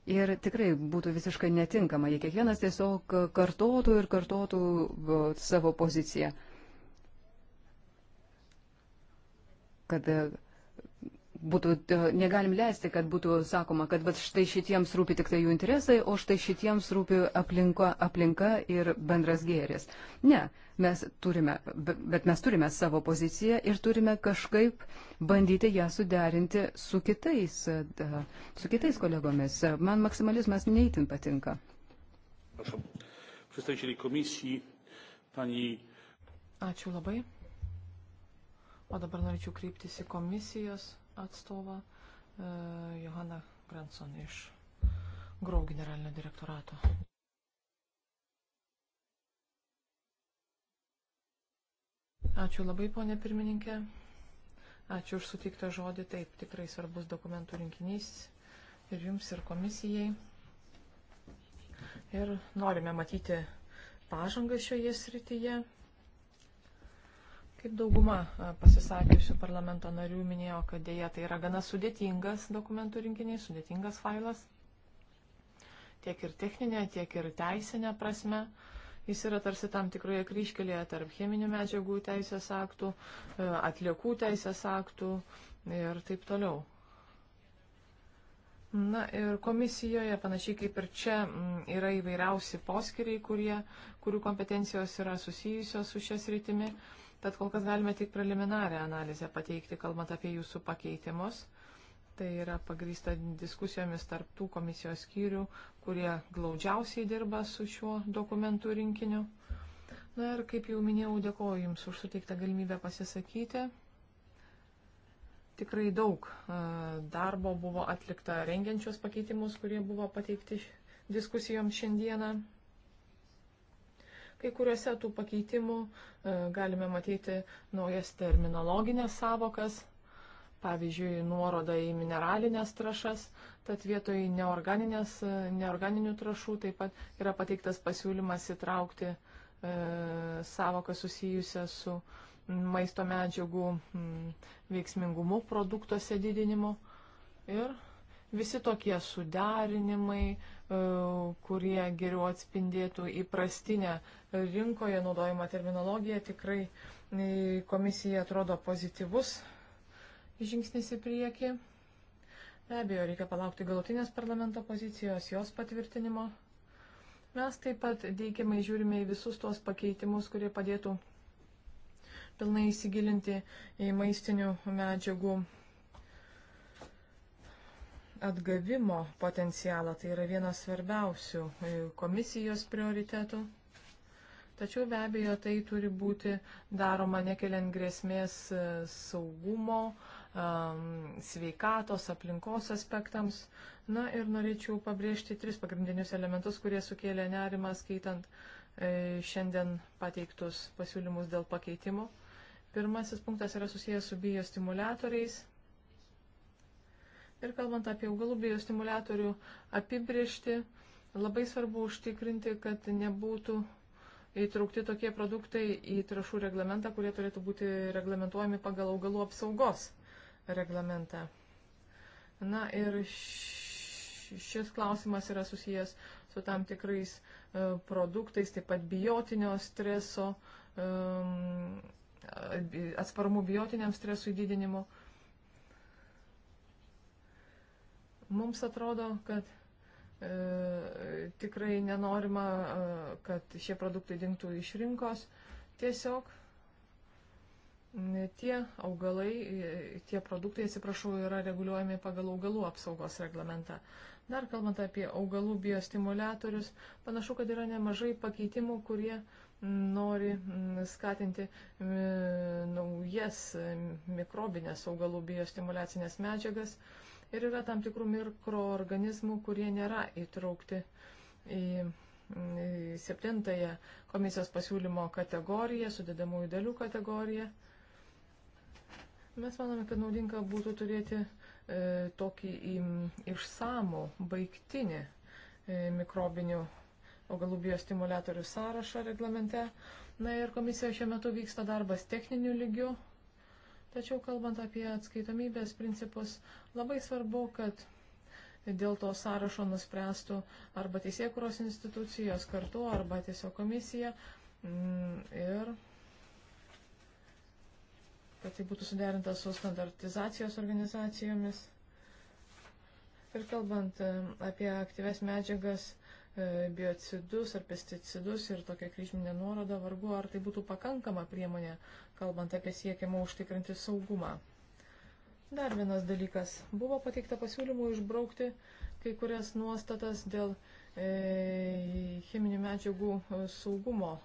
Ir tikrai būtų visiškai netinkama, jei kiekvienas tiesiog kartotų ir kartotų savo poziciją. Kad būtų, e, negalim leisti, kad būtų sakoma, kad štai šitiems rūpi tik tai jų interesai, o štai šitiems rūpi aplinko, aplinka ir bendras gėris. Ne, mes turime, bet mes turime savo poziciją ir turime kažkaip bandyti ją suderinti su kitais, e, su kitais kolegomis. Man maksimalizmas neįtin patinka. Ačiū labai. O dabar norėčiau kreiptis į komisijos atstovą e, Johaną Granson iš Grau generalinio direktorato. Ačiū labai, ponė pirmininkė. Ačiū už sutiktą žodį. Taip, tikrai svarbus dokumentų rinkinys ir jums, ir komisijai. Ir norime matyti pažangą šioje srityje. Kaip dauguma pasisakiusių parlamento narių minėjo, kad dėja tai yra gana sudėtingas dokumentų rinkinys, sudėtingas failas. Tiek ir techninė, tiek ir teisinė prasme. Jis yra tarsi tam tikroje kryškelėje tarp cheminių medžiagų teisės aktų, e, atliekų teisės aktų ir taip toliau. Na ir komisijoje, panašiai kaip ir čia, yra įvairiausi poskiriai, kurie, kurių kompetencijos yra susijusios su šias rytimi. Uh, bet kol kas galime tik preliminarią analizę pateikti, kalbant apie jūsų pakeitimus. Tai yra pagrįsta diskusijomis tarp tų komisijos skyrių, kurie glaudžiausiai dirba su šiuo dokumentų rinkiniu. Na ir kaip jau minėjau, dėkoju Jums už suteiktą galimybę pasisakyti. Tikrai daug e, darbo buvo atlikta rengiančios pakeitimus, kurie buvo pateikti diskusijoms šiandieną. Kai kuriuose tų pakeitimų e, galime matyti naujas terminologinės savokas, pavyzdžiui, nuoroda į mineralinės trašas, tad vietoj e, neorganinių trašų taip pat yra pateiktas pasiūlymas įtraukti e, savoką susijusią su maisto medžiagų m, veiksmingumu produktuose didinimu. Ir Visi tokie suderinimai, e, kurie geriau atspindėtų įprastinę rinkoje naudojimą terminologiją, tikrai e, komisija atrodo pozityvus žingsnis į priekį. Be abejo, reikia palaukti galutinės parlamento pozicijos, jos patvirtinimo. Mes taip pat deikiamai žiūrime į visus tuos pakeitimus, kurie padėtų pilnai įsigilinti į maistinių medžiagų atgavimo potencialą. Tai yra vienas svarbiausių e, komisijos prioritetų. Tačiau be abejo tai turi būti daroma nekeliant grėsmės e, saugumo, e, sveikatos, aplinkos aspektams. Na ir norėčiau pabrėžti tris pagrindinius elementus, kurie sukėlė nerimą skaitant šiandien pateiktus pasiūlymus dėl pakeitimų. Pirmasis punktas yra susijęs su biostimulatoriais. Ir kalbant apie augalų biostimulatorių apibriežti, labai svarbu užtikrinti, kad nebūtų įtraukti tokie produktai į trašų reglamentą, kurie turėtų būti reglamentuojami pagal augalų apsaugos reglamentą. Na ir šis klausimas yra susijęs su tam tikrais e, produktais, taip pat biotinio streso, e, atsparumų biotiniam stresui didinimu. E, Mums atrodo, kad e, tikrai nenorima, e, kad šie produktai dinktų iš rinkos. Tiesiog tie augalai, e, tie produktai, atsiprašau, yra reguliuojami pagal augalų apsaugos reglamentą. Dar kalbant apie augalų biostimulatorius, panašu, kad yra nemažai pakeitimų, kurie nori skatinti naujas mikrobinės augalų biostimulacinės medžiagas. E, ir yra tam tikrų mikroorganizmų, kurie nėra įtraukti į septintąją komisijos pasiūlymo kategoriją, sudėdamųjų dalių kategoriją. Mes manome, kad naudinga būtų turėti e, tokį į, išsamų, baigtinį e, mikrobinių augalų biostimulatorių sąrašą reglamente. Na ir komisijoje šiuo metu vyksta darbas techniniu lygiu, Tačiau kalbant apie atskaitomybės principus, labai svarbu, kad dėl to sąrašo nuspręstų arba teisėkuros institucijos kartu, arba tiesiog komisija. Mm, ir kad tai būtų suderinta su standartizacijos organizacijomis. Ir kalbant e, apie aktyves medžiagas, e, biocidus ar pesticidus ir tokia kryžminė nuoroda, vargu ar tai būtų pakankama priemonė kalbant apie siekiamą užtikrinti saugumą. Dar vienas dalykas. Buvo pateikta pasiūlymų išbraukti kai kurias nuostatas dėl e, cheminių medžiagų e, saugumo e,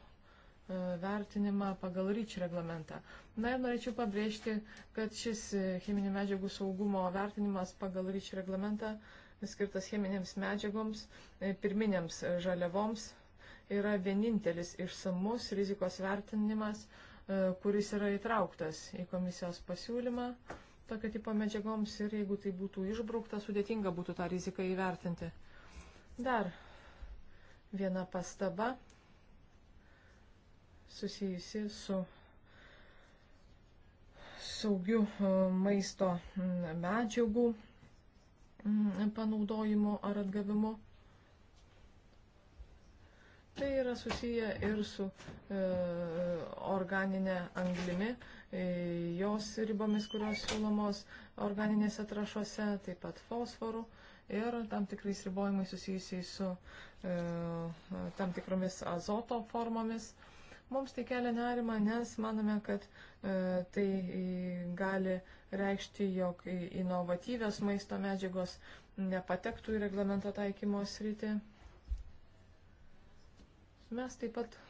vertinimą pagal ryčių reglamentą. Na ir norėčiau pabrėžti, kad šis e, cheminių medžiagų saugumo vertinimas pagal ryčių reglamentą skirtas cheminėms medžiagoms, pirminėms žaliavoms, yra vienintelis išsamus rizikos vertinimas, E, kuris yra įtrauktas į komisijos pasiūlymą tokio tipo medžiagoms ir jeigu tai būtų išbraukta, sudėtinga būtų tą riziką įvertinti. Dar viena pastaba susijusi su saugiu e, maisto medžiagų panaudojimu ar atgavimu. Tai yra susiję ir su e, organinė anglimi, e, jos ribomis, kurios siūlomos organinėse trašose, taip pat fosforų ir tam tikrais ribojimais susijusiais su e, tam tikromis azoto formomis. Mums tai kelia nerima, nes manome, kad e, tai gali reikšti, jog inovatyvios maisto medžiagos nepatektų į reglamento taikymo sritį. Mes taip pat e,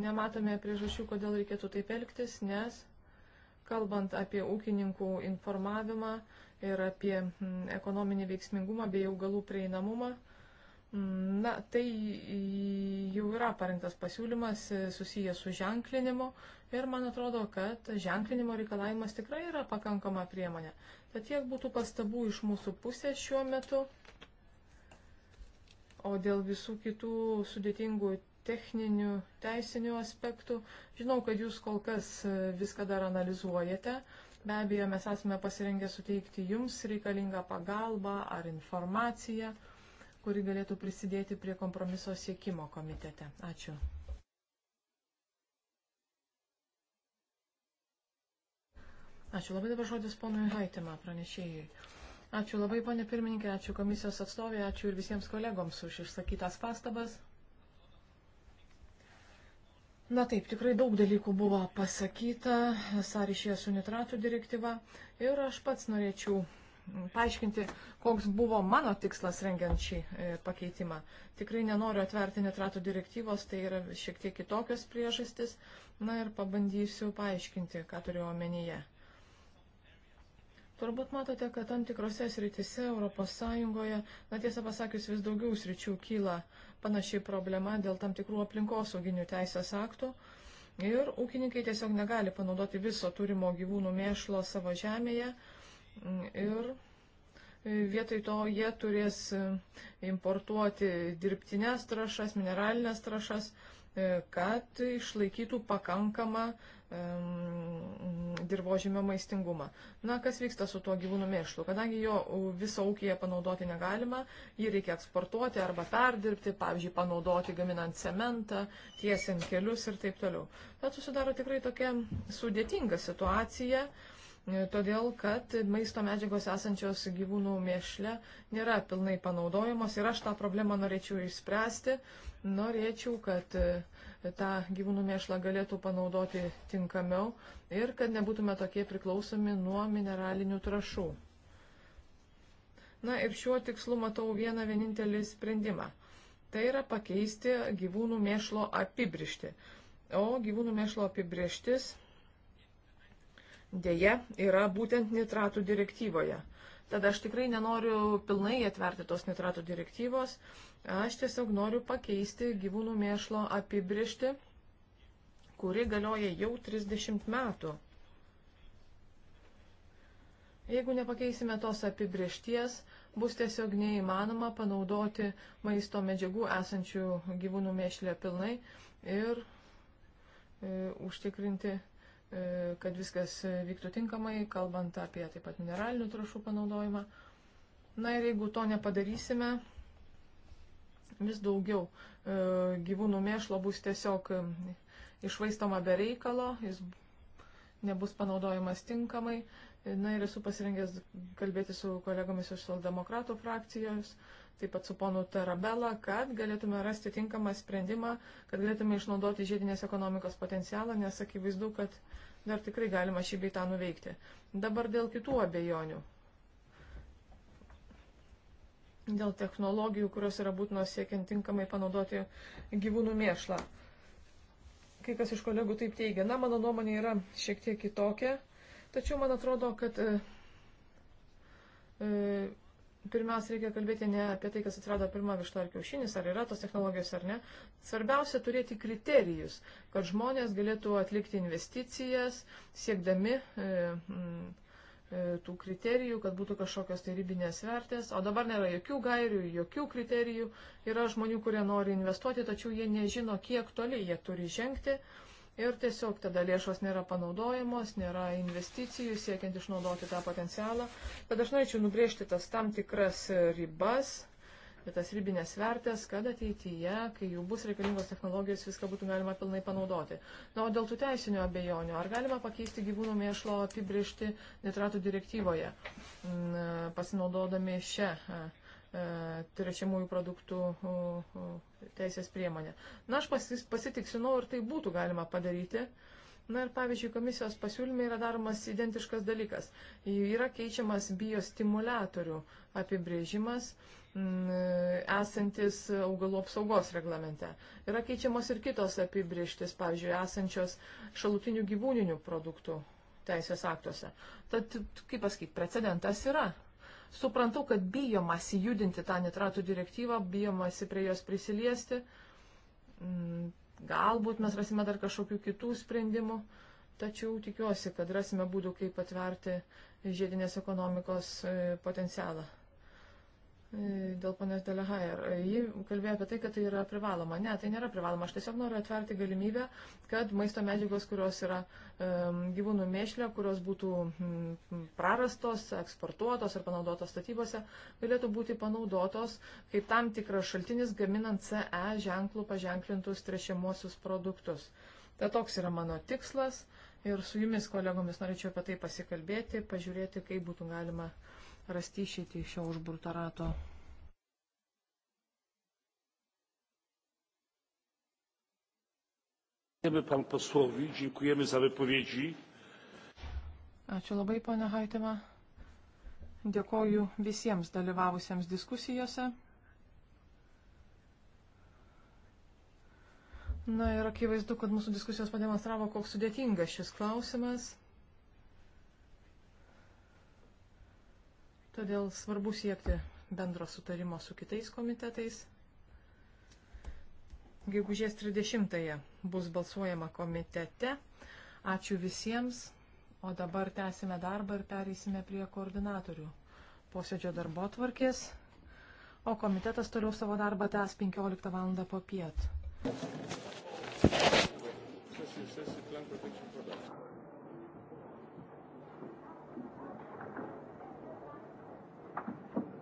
nematome priežasčių, kodėl reikėtų taip elgtis, nes kalbant apie ūkininkų informavimą ir apie ekonominį veiksmingumą bei augalų prieinamumą, na, tai jau yra parengtas pasiūlymas e, susijęs su ženklinimu ir man atrodo, kad ženklinimo reikalavimas tikrai yra pakankama priemonė. Tad tiek būtų pastabų iš mūsų pusės šiuo metu. O dėl visų kitų sudėtingų techninių, teisinių aspektų, žinau, kad jūs kol kas e, viską dar analizuojate. Be abejo, mes esame pasirengę suteikti jums reikalingą pagalbą ar informaciją, kuri galėtų prisidėti prie kompromiso siekimo komitete. Ačiū. Ačiū labai dabar žodis ponui Haitima pranešėjui. Ačiū labai, ponė pirmininkė, ačiū komisijos atstovė, ačiū ir visiems kolegoms už išsakytas pastabas. Na taip, tikrai daug dalykų buvo pasakyta sąryšyje su nitratų direktyva ir aš pats norėčiau paaiškinti, koks buvo mano tikslas rengiant šį e, pakeitimą. Tikrai nenoriu atverti nitratų direktyvos, tai yra šiek tiek kitokios priežastis. Na ir pabandysiu paaiškinti, ką turiu omenyje. Turbūt matote, kad tam tikrose sritise ES, na tiesą pasakius, vis daugiau sričių kyla panašiai problema dėl tam tikrų aplinkosauginių teisės aktų. Ir ūkininkai tiesiog negali panaudoti viso turimo gyvūnų mėšlo savo žemėje. Ir vietoj to jie turės importuoti dirbtinės trašas, mineralinės trašas. E, kad išlaikytų pakankamą dirbožėmio maistingumą. Na, kas vyksta su tuo gyvūnų mėšlu? Kadangi jo viso ūkija panaudoti negalima, jį reikia eksportuoti arba perdirbti, pavyzdžiui, panaudoti gaminant cementą, tiesiant kelius ir taip toliau. Bet susidaro tikrai tokia sudėtinga situacija, uh, todėl kad maisto medžiagos esančios gyvūnų mėšle nėra pilnai panaudojamos ir aš tą problemą norėčiau išspręsti. Norėčiau, kad e, tą gyvūnų mėšlą galėtų panaudoti tinkamiau ir kad nebūtume tokie priklausomi nuo mineralinių trašų. Na ir šiuo tikslu matau vieną vienintelį sprendimą. Tai yra pakeisti gyvūnų mėšlo apibrišti. O gyvūnų mėšlo apibrieštis dėje yra būtent nitratų direktyvoje. Tad aš tikrai nenoriu pilnai atverti tos nitratų direktyvos, aš tiesiog noriu pakeisti gyvūnų mėšlo apibrišti, kuri galioja jau 30 metų. Jeigu nepakeisime tos apibriešties, bus tiesiog neįmanoma panaudoti maisto medžiagų esančių gyvūnų mėšlė pilnai ir e, užtikrinti E, kad viskas vyktų tinkamai, kalbant apie taip pat mineralinių trašų panaudojimą. Na ir jeigu to nepadarysime, vis daugiau e, gyvūnų mėšlo bus tiesiog e, išvaistoma be reikalo, jis nebus panaudojamas tinkamai. Na ir esu pasirengęs kalbėti su kolegomis iš Saldemokratų frakcijos, taip pat su ponu Tarabela, kad galėtume rasti tinkamą sprendimą, kad galėtume išnaudoti žiedinės ekonomikos potencialą, nes akivaizdu, kad dar tikrai galima šį beitą nuveikti. Dabar dėl kitų abejonių. Dėl technologijų, kurios yra būtinos siekiant tinkamai panaudoti gyvūnų mėšlą. Kai kas iš kolegų taip teigia, na, mano nuomonė yra šiek tiek kitokia, tačiau man atrodo, kad e, e, Pirmiausia, reikia kalbėti ne apie tai, kas atrado pirmą vištą ar kiaušinis, ar yra tos technologijos ar ne. Svarbiausia turėti kriterijus, kad žmonės galėtų atlikti investicijas, siekdami e, m, e, tų kriterijų, kad būtų kažkokios tai ribinės vertės. O dabar nėra jokių gairių, jokių kriterijų. Yra žmonių, kurie nori investuoti, tačiau jie nežino, kiek toli jie turi žengti. E, Ir tiesiog tada lėšos nėra panaudojamos, nėra investicijų siekiant išnaudoti tą potencialą. Bet aš norėčiau nubrėžti tas tam tikras ribas, tas ribinės vertės, kad ateityje, kai jau bus reikalingos technologijos, viską būtų galima pilnai panaudoti. Na, o dėl tų teisinių abejonių, ar galima pakeisti gyvūnų mėšlo apibriežti nitratų direktyvoje, pasinaudodami šią E, trečiamųjų produktų teisės priemonė. Na, aš pasis, pasitiksinau, ar tai būtų galima padaryti. Na ir pavyzdžiui, komisijos pasiūlyme yra daromas identiškas dalykas. Yra keičiamas biostimulatorių apibrėžimas esantis augalų apsaugos reglamente. Yra keičiamos ir kitos apibrėžtis, pavyzdžiui, esančios šalutinių gyvūninių produktų teisės aktuose. Tad, kaip pasakyti, precedentas yra. Suprantu, kad bijomasi judinti tą nitratų direktyvą, bijomasi prie jos prisiliesti. Mm, galbūt mes rasime dar kažkokių kitų sprendimų, tačiau tikiuosi, kad rasime būdų, kaip atverti žiedinės ekonomikos e, potencialą dėl ponios Delehair. Ji kalbėjo apie tai, kad tai yra privaloma. Ne, tai nėra privaloma. Aš tiesiog noriu atverti galimybę, kad maisto medžiagos, kurios yra um, gyvūnų mėšlė, kurios būtų um, prarastos, eksportuotos ar panaudotos statybose, galėtų būti panaudotos kaip tam tikras šaltinis gaminant CE ženklų paženklintus trešiamuosius produktus. Tai toks yra mano tikslas ir su jumis kolegomis norėčiau apie tai pasikalbėti, pažiūrėti, kaip būtų galima uh, rasti išėti iš šio užburto rato. Dziękujemy panu posłowi, dziękujemy za wypowiedzi. Ačiū labai, ponia Haitima. Dėkoju visiems dalyvavusiems diskusijose. Na ir akivaizdu, kad mūsų diskusijos pademonstravo, koks sudėtingas šis klausimas. Todėl svarbu siekti bendro sutarimo su kitais komitetais. Gegužės 30-ąją bus balsuojama komitete. Ačiū visiems, o dabar tęsime darbą ir pereisime prie koordinatorių posėdžio darbo tvarkės, o komitetas toliau savo darbą tęs 15 val. po piet. Thank you.